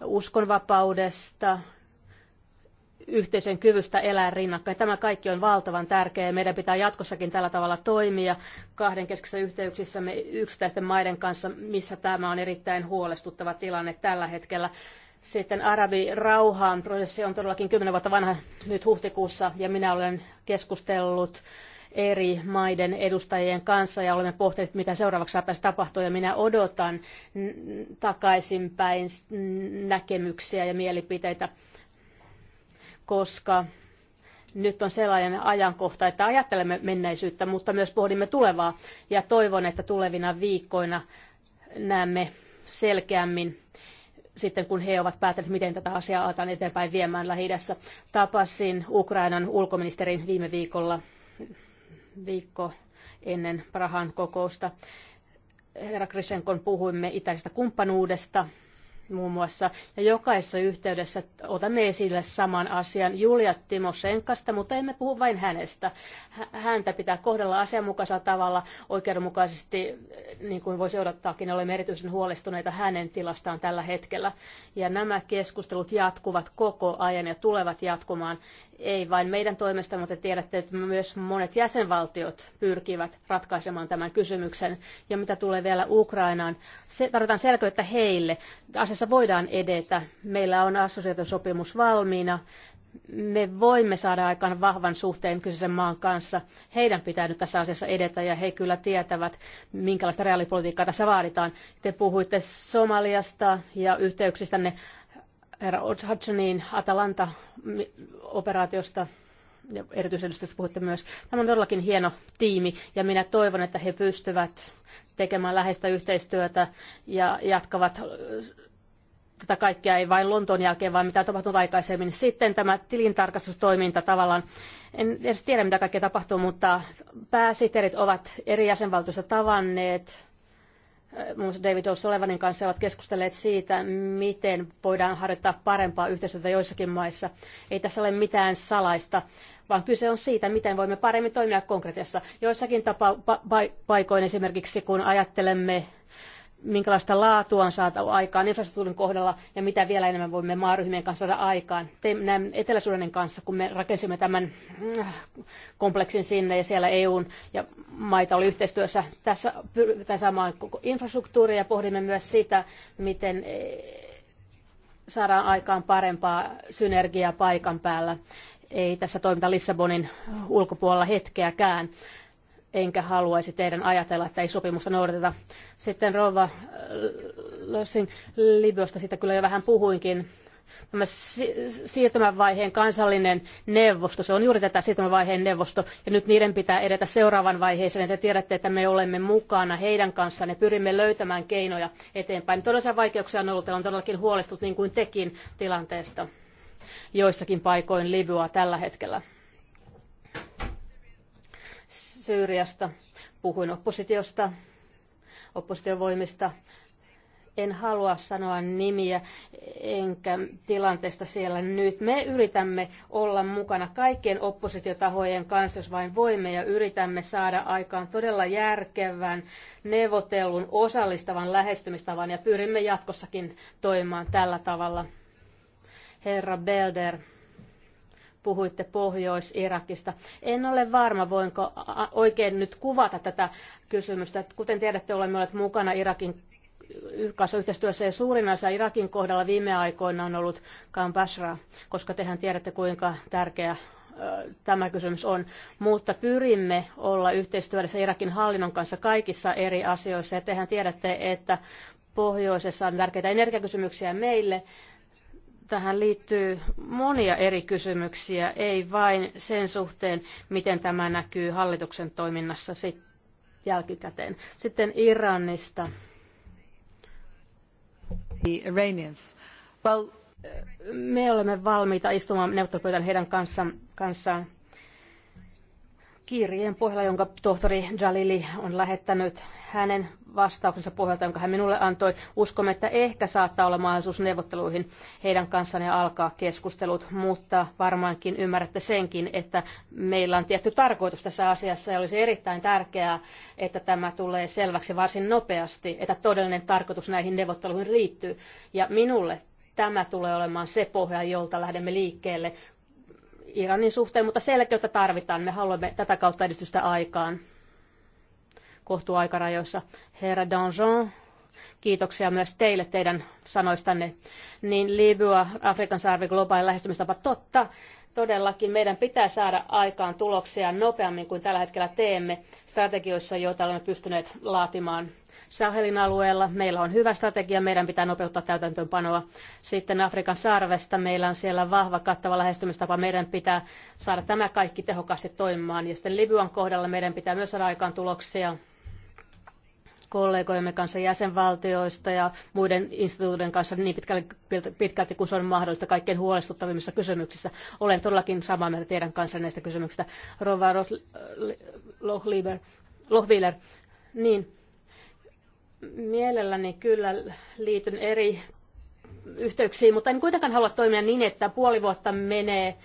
uskonvapaudesta, yhteisen kyvystä elää rinnakkain. Tämä kaikki on valtavan tärkeää ja meidän pitää jatkossakin tällä tavalla toimia kahdenkeskisissä yhteyksissämme yksittäisten maiden kanssa, missä tämä on erittäin huolestuttava tilanne tällä hetkellä. Sitten Arabi rauhaan prosessi on todellakin kymmenen vuotta vanha nyt huhtikuussa ja minä olen keskustellut eri maiden edustajien kanssa ja olemme pohtineet, mitä seuraavaksi saattaisi tapahtua ja minä odotan takaisinpäin näkemyksiä ja mielipiteitä, koska nyt on sellainen ajankohta, että ajattelemme menneisyyttä, mutta myös pohdimme tulevaa ja toivon, että tulevina viikkoina näemme selkeämmin sitten kun he ovat päättäneet, miten tätä asiaa aletaan eteenpäin viemään lähi -idässä. Tapasin Ukrainan ulkoministerin viime viikolla, viikko ennen Prahan kokousta. Herra Krisenkon puhuimme itäisestä kumppanuudesta muun muassa. Ja jokaisessa yhteydessä otamme esille saman asian Julia Timosenkasta, mutta emme puhu vain hänestä. Häntä pitää kohdella asianmukaisella tavalla oikeudenmukaisesti, eh, niin kuin voisi odottaakin. Olemme erityisen huolestuneita hänen tilastaan tällä hetkellä. Ja nämä keskustelut jatkuvat koko ajan ja tulevat jatkumaan ei vain meidän toimesta, mutta tiedätte, että myös monet jäsenvaltiot pyrkivät ratkaisemaan tämän kysymyksen. Ja mitä tulee vielä Ukrainaan, se, tarvitaan selkeyttä heille. Asiassa voidaan edetä. Meillä on assosiaatiosopimus valmiina. Me voimme saada aikaan vahvan suhteen kyseisen maan kanssa. Heidän pitää nyt tässä asiassa edetä ja he kyllä tietävät, minkälaista reaalipolitiikkaa tässä vaaditaan. Te puhuitte Somaliasta ja yhteyksistänne herra Hudsonin Atalanta-operaatiosta ja erityisedustajaksi puhutte myös. Tämä on todellakin hieno tiimi ja minä toivon, että he pystyvät tekemään läheistä yhteistyötä ja jatkavat tätä kaikkea ei vain Lontoon jälkeen, vaan mitä on tapahtunut aikaisemmin. Sitten tämä tilintarkastustoiminta tavallaan, en edes tiedä mitä kaikkea tapahtuu, mutta pääsihteerit ovat eri jäsenvaltioissa tavanneet Äh, muun muassa David O'Sullivanin kanssa ovat keskustelleet siitä, miten voidaan harjoittaa parempaa yhteistyötä joissakin maissa. Ei tässä ole mitään salaista, vaan kyse on siitä, miten voimme paremmin toimia konkretiassa. Joissakin tapa- pa- paikoin esimerkiksi, kun ajattelemme minkälaista laatua on saatu aikaan infrastruktuurin kohdalla ja mitä vielä enemmän voimme maaryhmien kanssa saada aikaan. Teimme näin etelä kanssa, kun me rakensimme tämän äh, kompleksin sinne ja siellä EUn ja maita oli yhteistyössä. Tässä pyritään saamaan koko infrastruktuuri ja pohdimme myös sitä, miten e, saadaan aikaan parempaa synergiaa paikan päällä. Ei tässä toimita Lissabonin ulkopuolella hetkeäkään enkä haluaisi teidän ajatella, että ei sopimusta noudateta. Sitten Rova äh, Lössin Libyosta, sitä kyllä jo vähän puhuinkin. Tämä siirtymävaiheen kansallinen neuvosto, se on juuri tätä siirtymävaiheen neuvosto, ja nyt niiden pitää edetä seuraavan vaiheeseen, että tiedätte, että me olemme mukana heidän kanssaan, ja pyrimme löytämään keinoja eteenpäin. Todellisia vaikeuksia on ollut, ja on todellakin huolestut niin kuin tekin tilanteesta joissakin paikoin Libyaa tällä hetkellä. Syyriasta, puhuin oppositiosta, oppositiovoimista. En halua sanoa nimiä enkä tilanteesta siellä nyt. Me yritämme olla mukana kaikkien oppositiotahojen kanssa, jos vain voimme, ja yritämme saada aikaan todella järkevän, neuvotellun, osallistavan lähestymistavan, ja pyrimme jatkossakin toimimaan tällä tavalla. Herra Belder, puhuitte Pohjois-Irakista. En ole varma, voinko oikein nyt kuvata tätä kysymystä. Kuten tiedätte, olemme olleet mukana Irakin kanssa yhteistyössä ja suurin osa Irakin kohdalla viime aikoina on ollut Kambashra, koska tehän tiedätte kuinka tärkeä tämä kysymys on, mutta pyrimme olla yhteistyössä Irakin hallinnon kanssa kaikissa eri asioissa. Ja tehän tiedätte, että pohjoisessa on tärkeitä energiakysymyksiä meille, tähän liittyy monia eri kysymyksiä, ei vain sen suhteen, miten tämä näkyy hallituksen toiminnassa sit jälkikäteen. Sitten Iranista. The Iranians. Well, me olemme valmiita istumaan neuvottelupöytään heidän kanssaan, kanssaan kirjeen pohjalta, jonka tohtori Jalili on lähettänyt hänen vastauksensa pohjalta, jonka hän minulle antoi. Uskomme, että ehkä saattaa olla mahdollisuus neuvotteluihin heidän kanssaan ja alkaa keskustelut, mutta varmaankin ymmärrätte senkin, että meillä on tietty tarkoitus tässä asiassa ja olisi erittäin tärkeää, että tämä tulee selväksi varsin nopeasti, että todellinen tarkoitus näihin neuvotteluihin liittyy. Ja minulle tämä tulee olemaan se pohja, jolta lähdemme liikkeelle, Iranin suhteen, mutta selkeyttä tarvitaan. Me haluamme tätä kautta edistystä aikaan kohtuuaikarajoissa. Herra Danjon, kiitoksia myös teille teidän sanoistanne. Niin Libya, Afrikan sarvi, globaali lähestymistapa, totta. Todellakin meidän pitää saada aikaan tuloksia nopeammin kuin tällä hetkellä teemme strategioissa, joita olemme pystyneet laatimaan Sahelin alueella. Meillä on hyvä strategia, meidän pitää nopeuttaa täytäntöönpanoa. Sitten Afrikan sarvesta, meillä on siellä vahva kattava lähestymistapa, meidän pitää saada tämä kaikki tehokkaasti toimimaan. Ja sitten Libyan kohdalla meidän pitää myös saada aikaan tuloksia kollegojemme kanssa jäsenvaltioista ja muiden instituutioiden kanssa niin pitkälti, kuin se on mahdollista kaikkein huolestuttavimmissa kysymyksissä. Olen todellakin samaa mieltä teidän kanssa näistä kysymyksistä. Rova Lohbiler, niin Mielelläni kyllä liityn eri yhteyksiin, mutta en kuitenkaan halua toimia niin, että puoli vuotta menee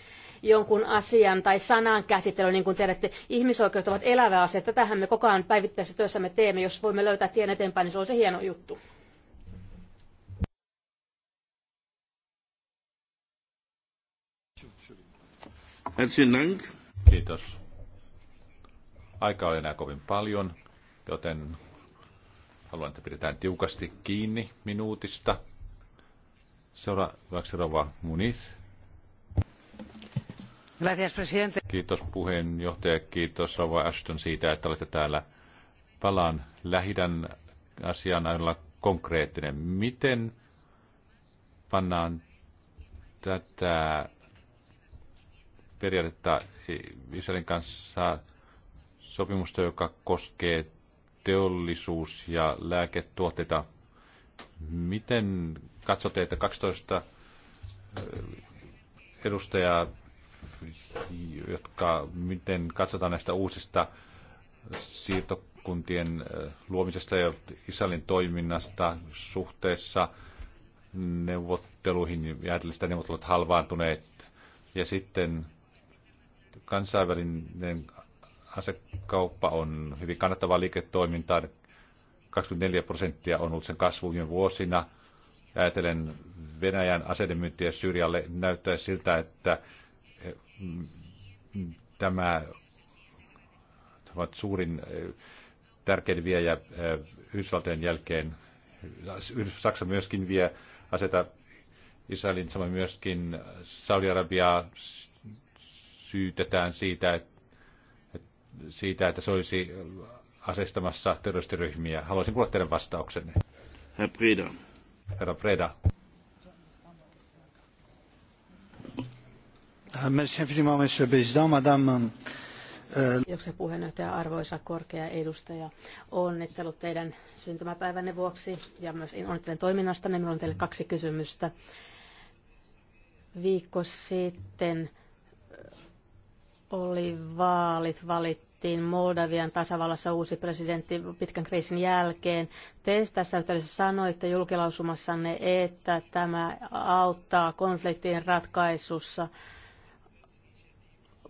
jonkun asian tai sanan käsittely, niin kuin tiedätte, ihmisoikeudet ovat elävä asia. Tätähän me koko ajan päivittäisessä työssämme teemme. Jos voimme löytää tien eteenpäin, niin se on se hieno juttu. Kiitos. Aikaa oli enää kovin paljon, joten Haluan, että pidetään tiukasti kiinni minuutista. Seuraavaksi Rova Muniz. Gracias, presidente. Kiitos puheenjohtaja, kiitos Rova Ashton siitä, että olette täällä. Palaan lähidän asiaan aina konkreettinen. Miten pannaan tätä periaatetta Israelin kanssa sopimusta, joka koskee teollisuus ja lääketuotteita. Miten katsotte, että 12 eh, edustajaa, jotka, miten katsotaan näistä uusista siirtokuntien eh, luomisesta ja Israelin toiminnasta suhteessa neuvotteluihin ja ajatellen sitä neuvottelut halvaantuneet. Ja sitten kansainvälinen asekauppa on hyvin kannattavaa liiketoimintaa. 24 prosenttia on ollut sen kasvu viime vuosina. Ajatellen Venäjän aseiden myyntiä Syyrialle näyttää siltä, että eh, mm, tämä eh, ovat suurin eh, tärkein viejä Yhdysvaltojen jälkeen. Saksa myöskin vie aseta Israelin, samoin myöskin Saudi-Arabiaa syytetään siitä, että siitä, että se olisi asestamassa terroristiryhmiä. Haluaisin kuulla teidän vastauksenne. Herra Preda. Herra Preda. Euh, merci infiniment, monsieur le président, madame. Euh, Kiitoksia puheenjohtaja, arvoisa korkea edustaja. Onnittelut teidän syntymäpäivänne vuoksi ja myös onnittelen toiminnasta. Minulla on teille kaksi kysymystä. Viikko sitten oli vaalit, valittiin Moldavian tasavallassa uusi presidentti pitkän kriisin jälkeen. Te tässä yhteydessä sanoitte julkilausumassanne, että tämä auttaa konfliktien ratkaisussa.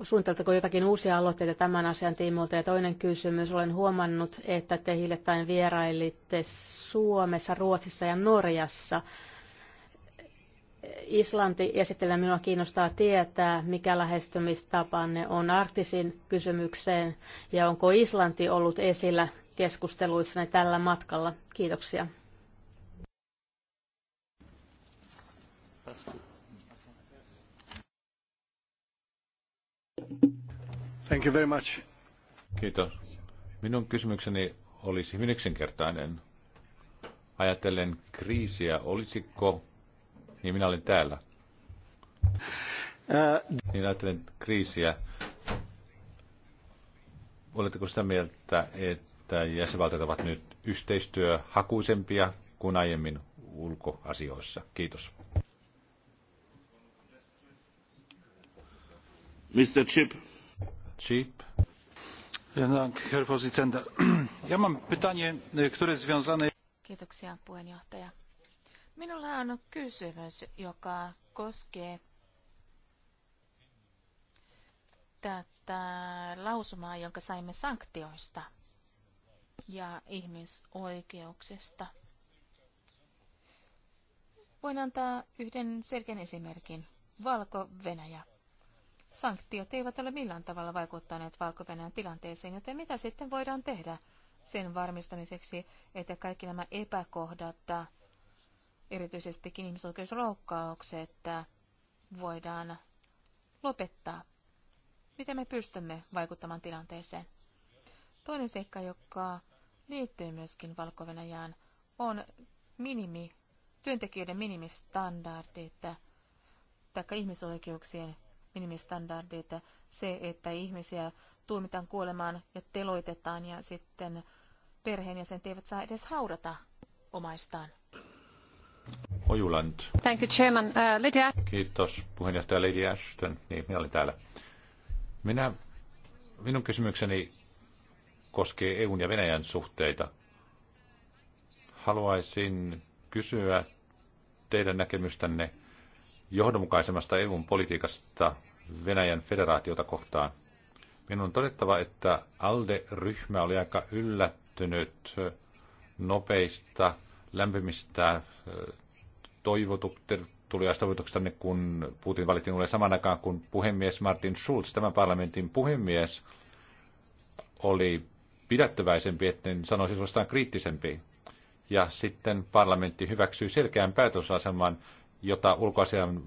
Suunniteltako jotakin uusia aloitteita tämän asian tiimoilta? Ja toinen kysymys, olen huomannut, että te hiljattain vierailitte Suomessa, Ruotsissa ja Norjassa. Islanti esitellä minua kiinnostaa tietää, mikä lähestymistapanne on arktisin kysymykseen ja onko Islanti ollut esillä keskusteluissanne tällä matkalla. Kiitoksia. Thank you very much. Kiitos. Minun kysymykseni olisi hyvin yksinkertainen. Ajatellen kriisiä, olisiko niin minä olin täällä. Niin ajattelen kriisiä. Oletteko sitä mieltä, että jäsenvaltiot ovat nyt yhteistyöhakuisempia kuin aiemmin ulkoasioissa? Kiitos. Mr. Chip. Chip. Herr Vorsitzender. Ja mam pytanie, które związane... Kiitoksia puheenjohtaja. Minulla on kysymys, joka koskee tätä lausumaa, jonka saimme sanktioista ja ihmisoikeuksista. Voin antaa yhden selkeän esimerkin. Valko-Venäjä. Sanktiot eivät ole millään tavalla vaikuttaneet valko tilanteeseen, joten mitä sitten voidaan tehdä sen varmistamiseksi, että kaikki nämä epäkohdat erityisestikin ihmisoikeusloukkaukset voidaan lopettaa. Miten me pystymme vaikuttamaan tilanteeseen? Toinen seikka, joka liittyy myöskin valko on minimi, työntekijöiden minimistandardit, tai ihmisoikeuksien minimistandardit, se, että ihmisiä tuomitaan kuolemaan ja teloitetaan ja sitten perheenjäsenet eivät saa edes haudata omaistaan. Ojuland. Thank you, Chairman. Uh, Lydia. Kiitos, puheenjohtaja Lady Ashton. Niin, minä olin täällä. Minä, minun kysymykseni koskee EUn ja Venäjän suhteita. Haluaisin kysyä teidän näkemystänne johdonmukaisemmasta EUn politiikasta Venäjän federaatiota kohtaan. Minun on todettava, että ALDE-ryhmä oli aika yllättynyt nopeista lämpimistä toivotuksenne, kun Putin valittiin uudelleen saman aikaan, kun puhemies Martin Schulz, tämän parlamentin puhemies, oli pidättyväisempi, että sanoisi suorastaan kriittisempi. Ja sitten parlamentti hyväksyi selkeän päätösaseman, jota ulkoasian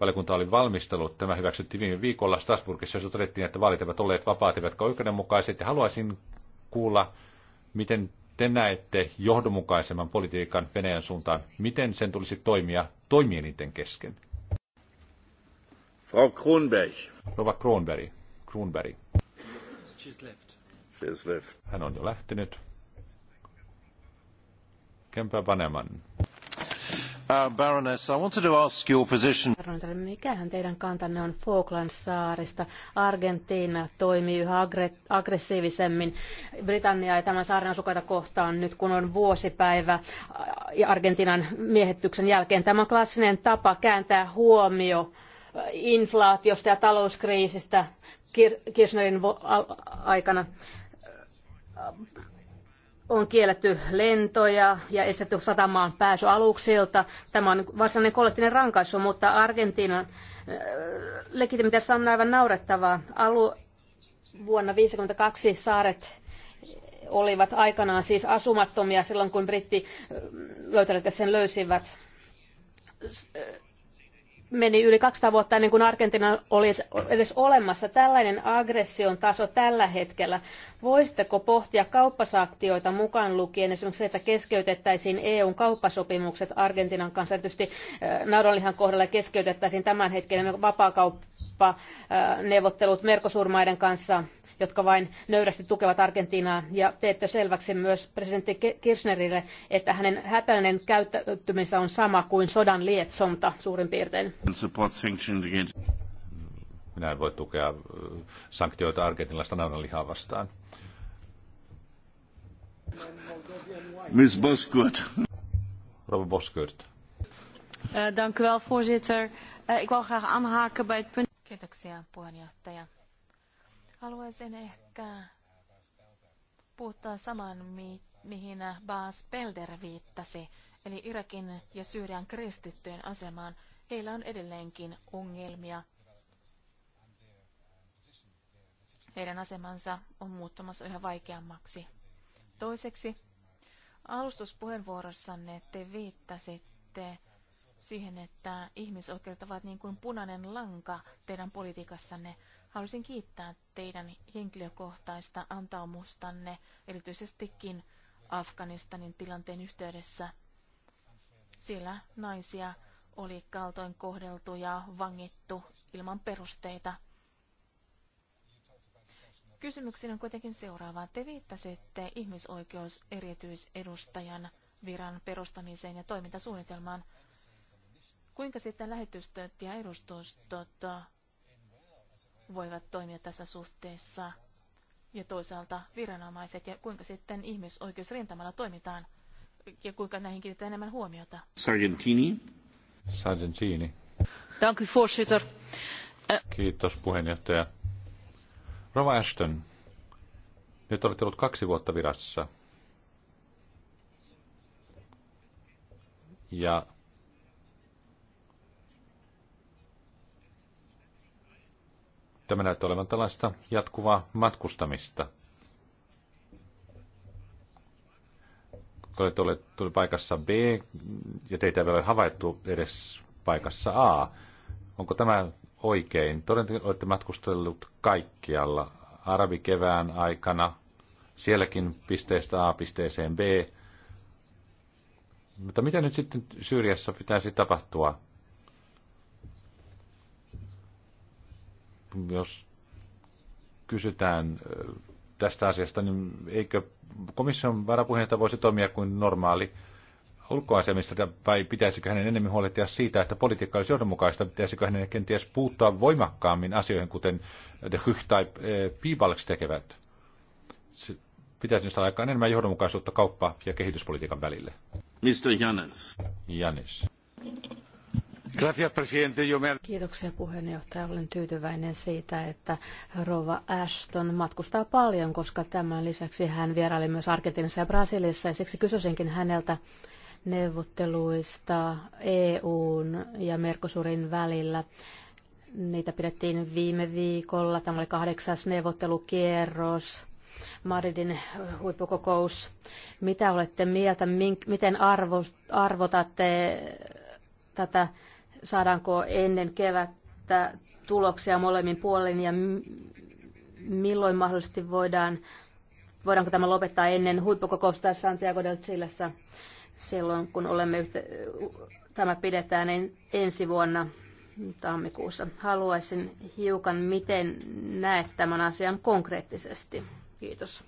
valiokunta oli valmistellut. Tämä hyväksyttiin viime viikolla Strasbourgissa, jossa todettiin, että vaalit eivät olleet vapaat eivätkä oikeudenmukaiset. Ja haluaisin kuulla, miten te näette johdonmukaisemman politiikan Venäjän suuntaan? Miten sen tulisi toimia toimielinten kesken? Frau Kronberg. Rova Kronberg. Kronberg. She's left. She's left. Hän on jo lähtenyt. Kempä Vaneman. Uh, Baroness, I wanted to ask your position. Mikähän teidän kantanne on Falkland-saarista? Argentiina toimii yhä aggressiivisemmin Britannia ja tämän saaren asukkaita kohtaan nyt, kun on vuosipäivä uh, Argentiinan miehityksen jälkeen. Tämä on klassinen tapa kääntää huomio uh, inflaatiosta ja talouskriisistä Kirchnerin aikana on kielletty lentoja ja estetty satamaan pääsy aluksilta. Tämä on varsinainen kollektiivinen rankaisu, mutta Argentiinan äh, legitimiteessä on aivan naurettavaa. Alu vuonna 52 saaret olivat aikanaan siis asumattomia silloin, kun britti äh, löytäneet sen löysivät äh, meni yli 200 vuotta ennen kuin Argentiina oli edes olemassa. Tällainen aggression taso tällä hetkellä. Voisitteko pohtia kauppasaktioita mukaan lukien esimerkiksi se, että keskeytettäisiin EUn kauppasopimukset Argentiinan kanssa, erityisesti naudanlihan kohdalla keskeytettäisiin tämänhetkinen vapaakauppaneuvottelut Merkosurmaiden kanssa jotka vain nöyrästi tukevat Argentiinaa. Ja teette selväksi myös presidentti Kirchnerille, että hänen hätäinen käyttäytymisensä on sama kuin sodan lietsonta suurin piirtein. Minä en voi tukea äh, sanktioita argentinlaista naudanlihaa vastaan. Miss Boskurt. Rob Boskurt. Eh, dank u wel, voorzitter. Eh, ik graag aanhaken bij het punt. Kiitoksia, puheenjohtaja. Haluaisin ehkä puuttua saman, mi- mihin Baas Pelder viittasi, eli Irakin ja Syyrian kristittyjen asemaan. Heillä on edelleenkin ongelmia. Heidän asemansa on muuttumassa yhä vaikeammaksi. Toiseksi, alustuspuheenvuorossanne te viittasitte siihen, että ihmisoikeudet ovat niin kuin punainen lanka teidän politiikassanne. Haluaisin kiittää teidän henkilökohtaista antaumustanne, erityisestikin Afganistanin tilanteen yhteydessä. Siellä naisia oli kaltoin kohdeltu ja vangittu ilman perusteita. Kysymyksiin on kuitenkin seuraava. Te viittasitte ihmisoikeuserityisedustajan viran perustamiseen ja toimintasuunnitelmaan. Kuinka sitten lähetystöt ja edustustot voivat toimia tässä suhteessa ja toisaalta viranomaiset ja kuinka sitten ihmisoikeusrintamalla toimitaan ja kuinka näihin kiinnitetään enemmän huomiota. Sargentini. Sargentini. Eh. Kiitos puheenjohtaja. Rova Ashton, nyt olette ollut kaksi vuotta virassa. Ja Tämä näyttää olevan tällaista jatkuvaa matkustamista. Olette olleet paikassa B ja teitä ei ole havaittu edes paikassa A. Onko tämä oikein? Todennäköisesti olette matkustellut kaikkialla arabikevään aikana, sielläkin pisteestä A pisteeseen B. Mutta mitä nyt sitten Syyriassa pitäisi tapahtua? jos kysytään tästä asiasta, niin eikö komission varapuheenjohtaja voisi toimia kuin normaali ulkoasiaministeri, vai pitäisikö hänen enemmän huolehtia siitä, että politiikka olisi johdonmukaista, pitäisikö hänen kenties puuttua voimakkaammin asioihin, kuten The Hycht tai Piibalks tekevät? Pitäisi saada aikaan enemmän johdonmukaisuutta kauppa- ja kehityspolitiikan välille. Mr. Janis. Janis. Kiitoksia puheenjohtaja. Olen tyytyväinen siitä, että Rova Ashton matkustaa paljon, koska tämän lisäksi hän vieraili myös Argentiinassa ja Brasiliassa. Ja siksi kysyisinkin häneltä neuvotteluista EUn ja Mercosurin välillä. Niitä pidettiin viime viikolla. Tämä oli kahdeksas neuvottelukierros. Madridin huippukokous. Mitä olette mieltä, miten arvotatte tätä saadaanko ennen kevättä tuloksia molemmin puolin ja milloin mahdollisesti voidaan, voidaanko tämä lopettaa ennen huippukokousta Santiago del Chilessä silloin, kun olemme yhtä, tämä pidetään en- ensi vuonna tammikuussa. Haluaisin hiukan, miten näet tämän asian konkreettisesti. Kiitos.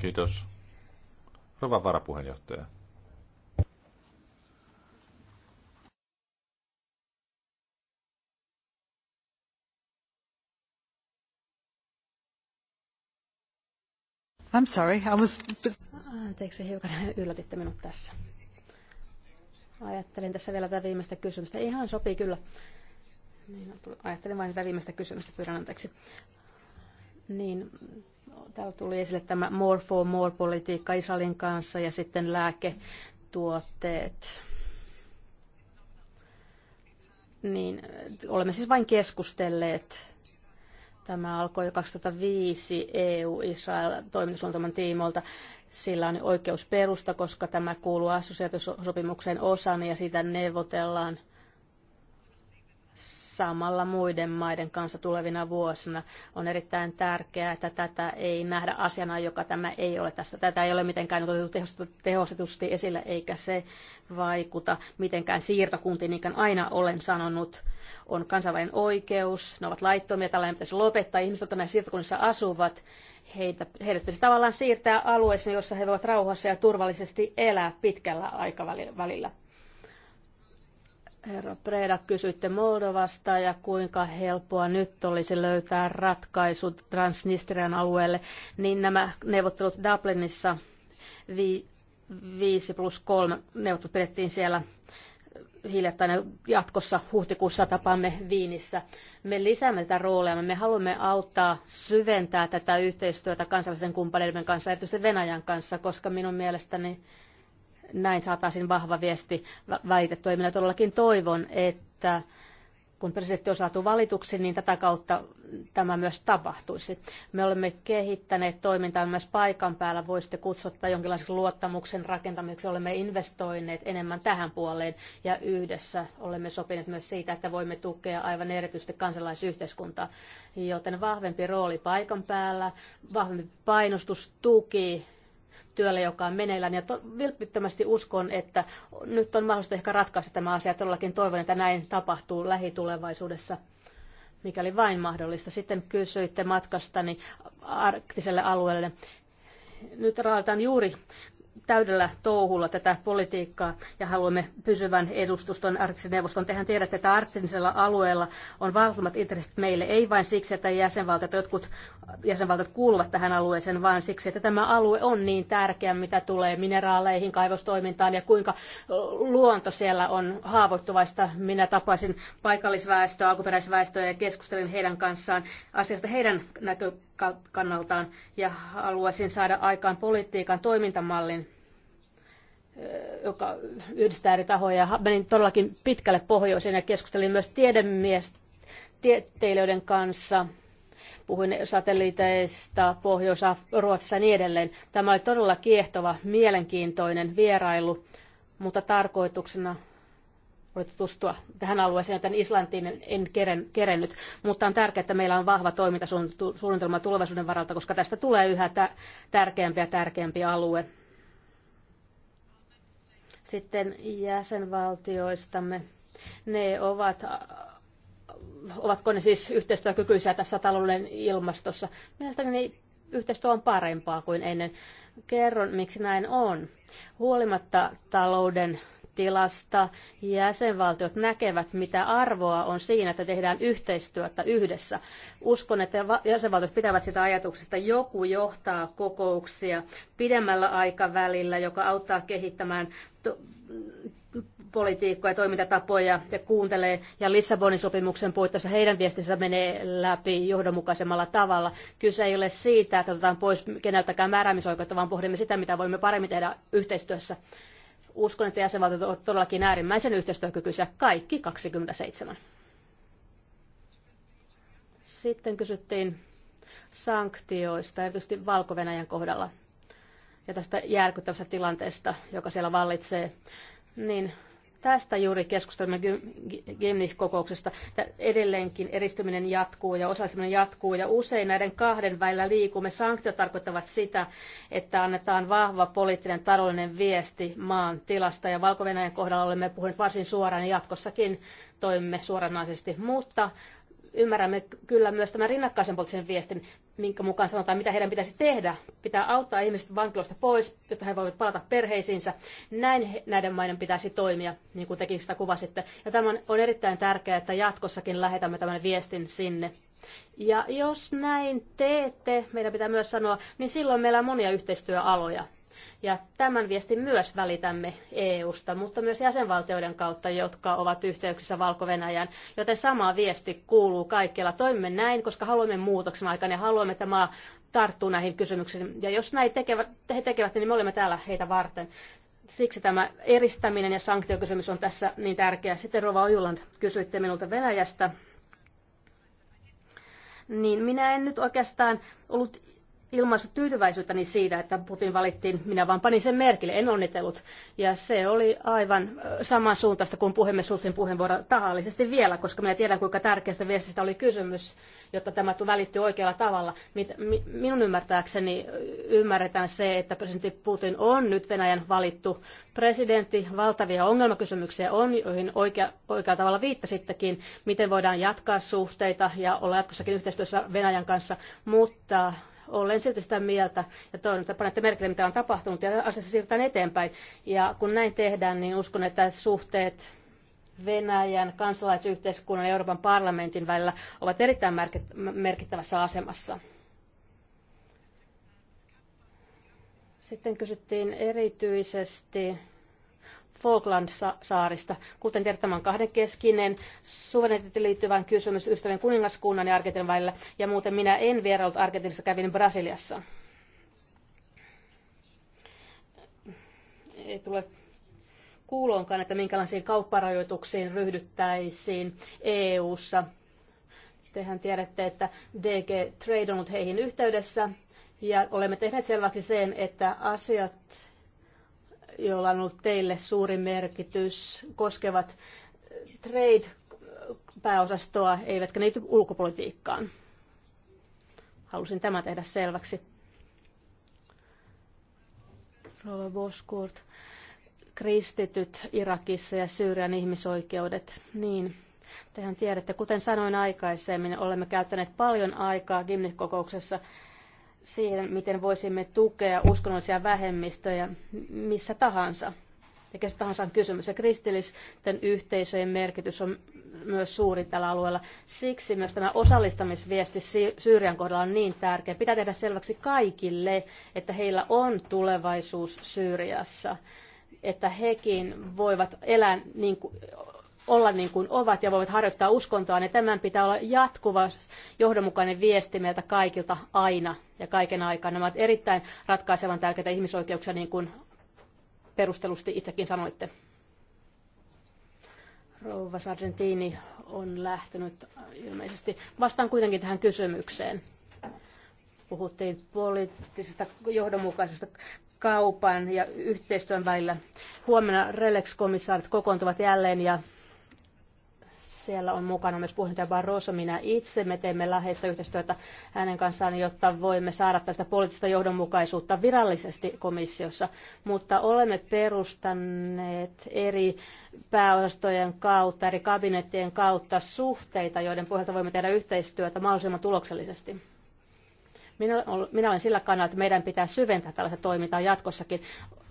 Kiitos. Rova varapuheenjohtaja. I'm sorry, I was... Anteeksi, hiukan yllätitte minut tässä. Ajattelin tässä vielä tätä viimeistä kysymystä. Ihan sopii kyllä. Niin, ajattelin vain tätä viimeistä kysymystä, pyydän anteeksi. Niin, täällä tuli esille tämä more for more politiikka Israelin kanssa ja sitten lääketuotteet. Niin, olemme siis vain keskustelleet Tämä alkoi jo 2005 eu israel toimitusluontoman tiimoilta. Sillä on oikeus perusta, koska tämä kuuluu assosiaatiosopimuksen osana ja sitä neuvotellaan samalla muiden maiden kanssa tulevina vuosina. On erittäin tärkeää, että tätä ei nähdä asiana, joka tämä ei ole tässä. Tätä ei ole mitenkään otettu tehostetusti esille, eikä se vaikuta mitenkään siirtokuntiin, niin kuin aina olen sanonut. On kansainvälinen oikeus, ne ovat laittomia, tällainen pitäisi lopettaa. Ihmiset, jotka näissä siirtokunnissa asuvat, heitä, heidät pitäisi tavallaan siirtää alueeseen, jossa he voivat rauhassa ja turvallisesti elää pitkällä aikavälillä Herra Preda, kysyitte Moldovasta ja kuinka helppoa nyt olisi löytää ratkaisu Transnistrian alueelle, niin nämä neuvottelut Dublinissa 5 plus 3 neuvottelut pidettiin siellä hiljattain jatkossa huhtikuussa tapaamme Viinissä. Me lisäämme tätä roolia, me haluamme auttaa syventää tätä yhteistyötä kansainvälisten kumppaneiden kanssa, erityisesti Venäjän kanssa, koska minun mielestäni näin saataisiin vahva viesti väitettyä. minä todellakin toivon, että kun presidentti on saatu valituksi, niin tätä kautta tämä myös tapahtuisi. Me olemme kehittäneet toimintaa myös paikan päällä. Voisitte kutsua tätä jonkinlaisen luottamuksen rakentamiseksi. Olemme investoineet enemmän tähän puoleen ja yhdessä olemme sopineet myös siitä, että voimme tukea aivan erityisesti kansalaisyhteiskuntaa. Joten vahvempi rooli paikan päällä, vahvempi painostus, tuki työlle, joka on meneillään. Ja to- vilpittömästi uskon, että nyt on mahdollista ehkä ratkaista tämä asia. Todellakin toivon, että näin tapahtuu lähitulevaisuudessa mikäli vain mahdollista. Sitten kysyitte matkastani arktiselle alueelle. Nyt raalitaan juuri täydellä touhulla tätä politiikkaa ja haluamme pysyvän edustuston arktisen neuvoston. Tehän tiedätte, että arktisella alueella on valtavat intressit meille, ei vain siksi, että jäsenvaltiot, jotkut jäsenvaltiot kuuluvat tähän alueeseen, vaan siksi, että tämä alue on niin tärkeä, mitä tulee mineraaleihin, kaivostoimintaan ja kuinka luonto siellä on haavoittuvaista. Minä tapasin paikallisväestöä, alkuperäisväestöä ja keskustelin heidän kanssaan asiasta heidän näkökannaltaan ja haluaisin saada aikaan politiikan toimintamallin, joka yhdistää eri tahoja. Menin todellakin pitkälle pohjoiseen ja keskustelin myös tiedemies tieteilijöiden kanssa. Puhuin satelliiteista, Pohjois-Ruotsissa ja niin edelleen. Tämä oli todella kiehtova, mielenkiintoinen vierailu, mutta tarkoituksena oli tutustua tähän alueeseen, joten Islantiin en keren, kerennyt. Mutta on tärkeää, että meillä on vahva toimintasuunnitelma tulevaisuuden varalta, koska tästä tulee yhä tärkeämpi ja tärkeämpi alue sitten jäsenvaltioistamme. Ne ovat ovatko ne siis yhteistyökykyisiä tässä talouden ilmastossa. Mielestäni yhteistyö on parempaa kuin ennen. Kerron, miksi näin on. Huolimatta talouden tilasta. Jäsenvaltiot näkevät, mitä arvoa on siinä, että tehdään yhteistyötä yhdessä. Uskon, että jäsenvaltiot pitävät sitä ajatuksesta, että joku johtaa kokouksia pidemmällä aikavälillä, joka auttaa kehittämään politiikkoja, toimintatapoja ja kuuntelee. Ja Lissabonin sopimuksen puitteissa heidän viestinsä menee läpi johdonmukaisemmalla tavalla. Kyse ei ole siitä, että otetaan pois keneltäkään määräämisoikeutta, vaan pohdimme sitä, mitä voimme paremmin tehdä yhteistyössä Uskon, että jäsenvaltiot ovat todellakin äärimmäisen yhteistyökykyisiä kaikki 27. Sitten kysyttiin sanktioista, erityisesti valko kohdalla ja tästä järkyttävästä tilanteesta, joka siellä vallitsee, niin Tästä juuri keskustelemme Gimnich-kokouksesta. Edelleenkin eristyminen jatkuu ja osallistuminen jatkuu ja usein näiden kahden välillä liikumme. Sanktiot tarkoittavat sitä, että annetaan vahva poliittinen taloudellinen viesti maan tilasta ja valko kohdalla olemme puhuneet varsin suoraan ja jatkossakin toimimme suoranaisesti, mutta ymmärrämme kyllä myös tämän rinnakkaisen poliittisen viestin, minkä mukaan sanotaan, mitä heidän pitäisi tehdä. Pitää auttaa ihmiset vankiloista pois, jotta he voivat palata perheisiinsä. Näin näiden maiden pitäisi toimia, niin kuin tekin sitä kuvasitte. Ja tämä on erittäin tärkeää, että jatkossakin lähetämme tämän viestin sinne. Ja jos näin teette, meidän pitää myös sanoa, niin silloin meillä on monia yhteistyöaloja ja tämän viestin myös välitämme EUsta, mutta myös jäsenvaltioiden kautta, jotka ovat yhteyksissä valko -Venäjään. Joten sama viesti kuuluu kaikkialla. Toimimme näin, koska haluamme muutoksen aikana ja haluamme, että maa tarttuu näihin kysymyksiin. Ja jos näin tekevät, he tekevät, niin me olemme täällä heitä varten. Siksi tämä eristäminen ja sanktiokysymys on tässä niin tärkeä. Sitten Rova Ojuland kysyitte minulta Venäjästä niin minä en nyt oikeastaan ollut ilmaissut tyytyväisyyttäni siitä, että Putin valittiin. Minä vaan panin sen merkille, en onnitellut. Ja se oli aivan samansuuntaista kuin puhemme Sulsin puheenvuoro tahallisesti vielä, koska minä tiedän, kuinka tärkeästä viestistä oli kysymys, jotta tämä välittyy oikealla tavalla. Minun ymmärtääkseni ymmärretään se, että presidentti Putin on nyt Venäjän valittu presidentti. Valtavia ongelmakysymyksiä on, joihin oikea, oikealla tavalla viittasittekin, miten voidaan jatkaa suhteita ja olla jatkossakin yhteistyössä Venäjän kanssa, mutta olen silti sitä mieltä ja toivon, että panette merkille, mitä on tapahtunut ja asiassa siirrytään eteenpäin. Ja kun näin tehdään, niin uskon, että suhteet Venäjän, kansalaisyhteiskunnan ja Euroopan parlamentin välillä ovat erittäin merkittävässä asemassa. Sitten kysyttiin erityisesti Falkland-saarista. Kuten tiedät, tämä on kahdenkeskinen suvereniteettiin liittyvän kysymys ystävien kuningaskunnan ja Argentiinan välillä. Ja muuten minä en vieraillut Argentiinassa, kävin Brasiliassa. Ei tule kuuloonkaan, että minkälaisiin kaupparajoituksiin ryhdyttäisiin EU-ssa. Tehän tiedätte, että DG Trade on ollut heihin yhteydessä ja olemme tehneet selväksi sen, että asiat joilla on ollut teille suuri merkitys, koskevat trade-pääosastoa, eivätkä niitä ulkopolitiikkaan. Halusin tämä tehdä selväksi. Rova Boskurt, kristityt Irakissa ja Syyrian ihmisoikeudet, niin tehän tiedätte, kuten sanoin aikaisemmin, olemme käyttäneet paljon aikaa Gimnik-kokouksessa siihen, miten voisimme tukea uskonnollisia vähemmistöjä missä tahansa. Ja kestä tahansa on kysymys. Ja kristillisten yhteisöjen merkitys on myös suuri tällä alueella. Siksi myös tämä osallistamisviesti Syyrian kohdalla on niin tärkeä. Pitää tehdä selväksi kaikille, että heillä on tulevaisuus Syyriassa että hekin voivat elää niin kuin, olla niin kuin ovat ja voivat harjoittaa uskontoa, niin tämän pitää olla jatkuva johdonmukainen viesti meiltä kaikilta aina ja kaiken aikaa. Nämä ovat erittäin ratkaisevan tärkeitä ihmisoikeuksia, niin kuin perustelusti itsekin sanoitte. Rouva Sargentini on lähtenyt ilmeisesti. Vastaan kuitenkin tähän kysymykseen. Puhuttiin poliittisesta johdonmukaisesta kaupan ja yhteistyön välillä. Huomenna Relex-komissaarit kokoontuvat jälleen ja siellä on mukana myös puheenjohtaja Barroso, minä itse. Me teemme läheistä yhteistyötä hänen kanssaan, jotta voimme saada tästä poliittista johdonmukaisuutta virallisesti komissiossa. Mutta olemme perustaneet eri pääosastojen kautta, eri kabinettien kautta suhteita, joiden pohjalta voimme tehdä yhteistyötä mahdollisimman tuloksellisesti. Minä olen sillä kannalla, että meidän pitää syventää tällaista toimintaa jatkossakin.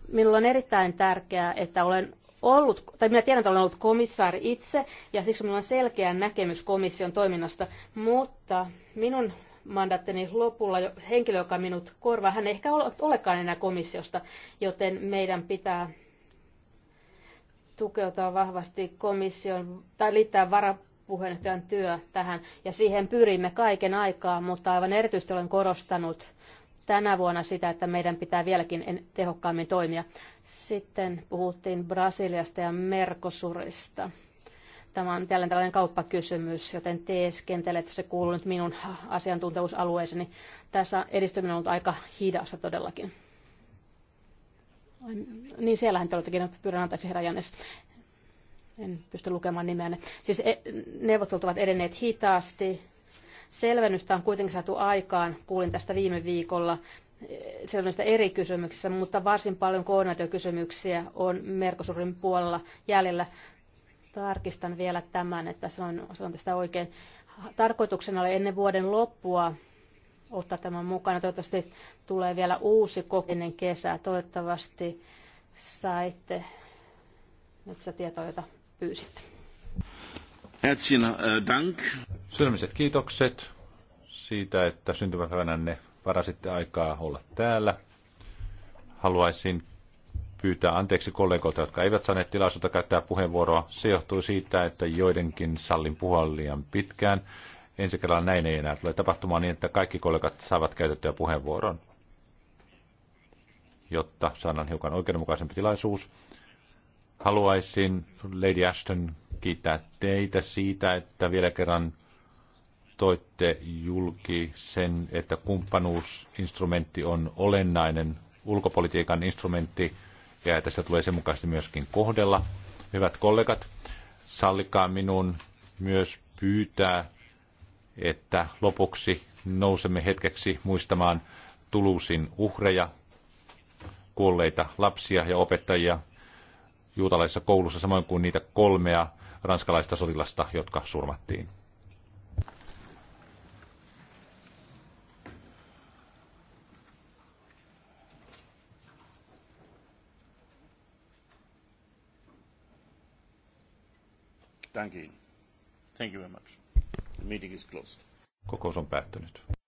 Minulla on erittäin tärkeää, että olen ollut, tai minä tiedän, että olen ollut komissaari itse, ja siksi minulla on selkeä näkemys komission toiminnasta, mutta minun mandaattini lopulla jo henkilö, joka minut korvaa, hän ei ehkä ole, olekaan enää komissiosta, joten meidän pitää tukeutua vahvasti komission, tai liittää varapuheenjohtajan työ tähän, ja siihen pyrimme kaiken aikaa, mutta aivan erityisesti olen korostanut tänä vuonna sitä, että meidän pitää vieläkin tehokkaammin toimia. Sitten puhuttiin Brasiliasta ja Mercosurista. Tämä on jälleen tällainen kauppakysymys, joten teeskentele, että se kuuluu nyt minun asiantuntemusalueeseeni. Tässä edistyminen on ollut aika hidasta todellakin. Niin siellähän te olettekin, pyydän anteeksi herra Jannes. En pysty lukemaan nimeänne. Siis e, neuvottelut ovat edenneet hitaasti, Selvennystä on kuitenkin saatu aikaan, kuulin tästä viime viikolla, eh, selvennystä eri kysymyksissä, mutta varsin paljon koordinaatiokysymyksiä on Mercosurin puolella jäljellä. Tarkistan vielä tämän, että sanon, sanon tästä oikein. Tarkoituksena oli ennen vuoden loppua ottaa tämän mukana. Toivottavasti tulee vielä uusi kokous ennen kesää. Toivottavasti saitte nyt sitä tietoa, jota pyysitte. Herzlichen äh, Dank. Sydämiset kiitokset siitä, että syntymäpäivänänne varasitte aikaa olla täällä. Haluaisin pyytää anteeksi kollegoilta, jotka eivät saaneet tilaisuutta käyttää puheenvuoroa. Se johtuu siitä, että joidenkin sallin puhua liian pitkään. Ensi kerralla näin ei enää tule tapahtumaan niin, että kaikki kollegat saavat käytettyä puheenvuoron, jotta saadaan hiukan oikeudenmukaisempi tilaisuus. Haluaisin Lady Ashton kiittää teitä siitä, että vielä kerran toitte julki sen, että kumppanuusinstrumentti on olennainen ulkopolitiikan instrumentti ja että sitä tulee sen mukaisesti myöskin kohdella. Hyvät kollegat, sallikaa minun myös pyytää, että lopuksi nousemme hetkeksi muistamaan Tulusin uhreja, kuolleita lapsia ja opettajia juutalaisessa koulussa, samoin kuin niitä kolmea ranskalaista sotilasta, jotka surmattiin. Thank you. Thank you very much. The meeting is closed. Kokous on päättynyt.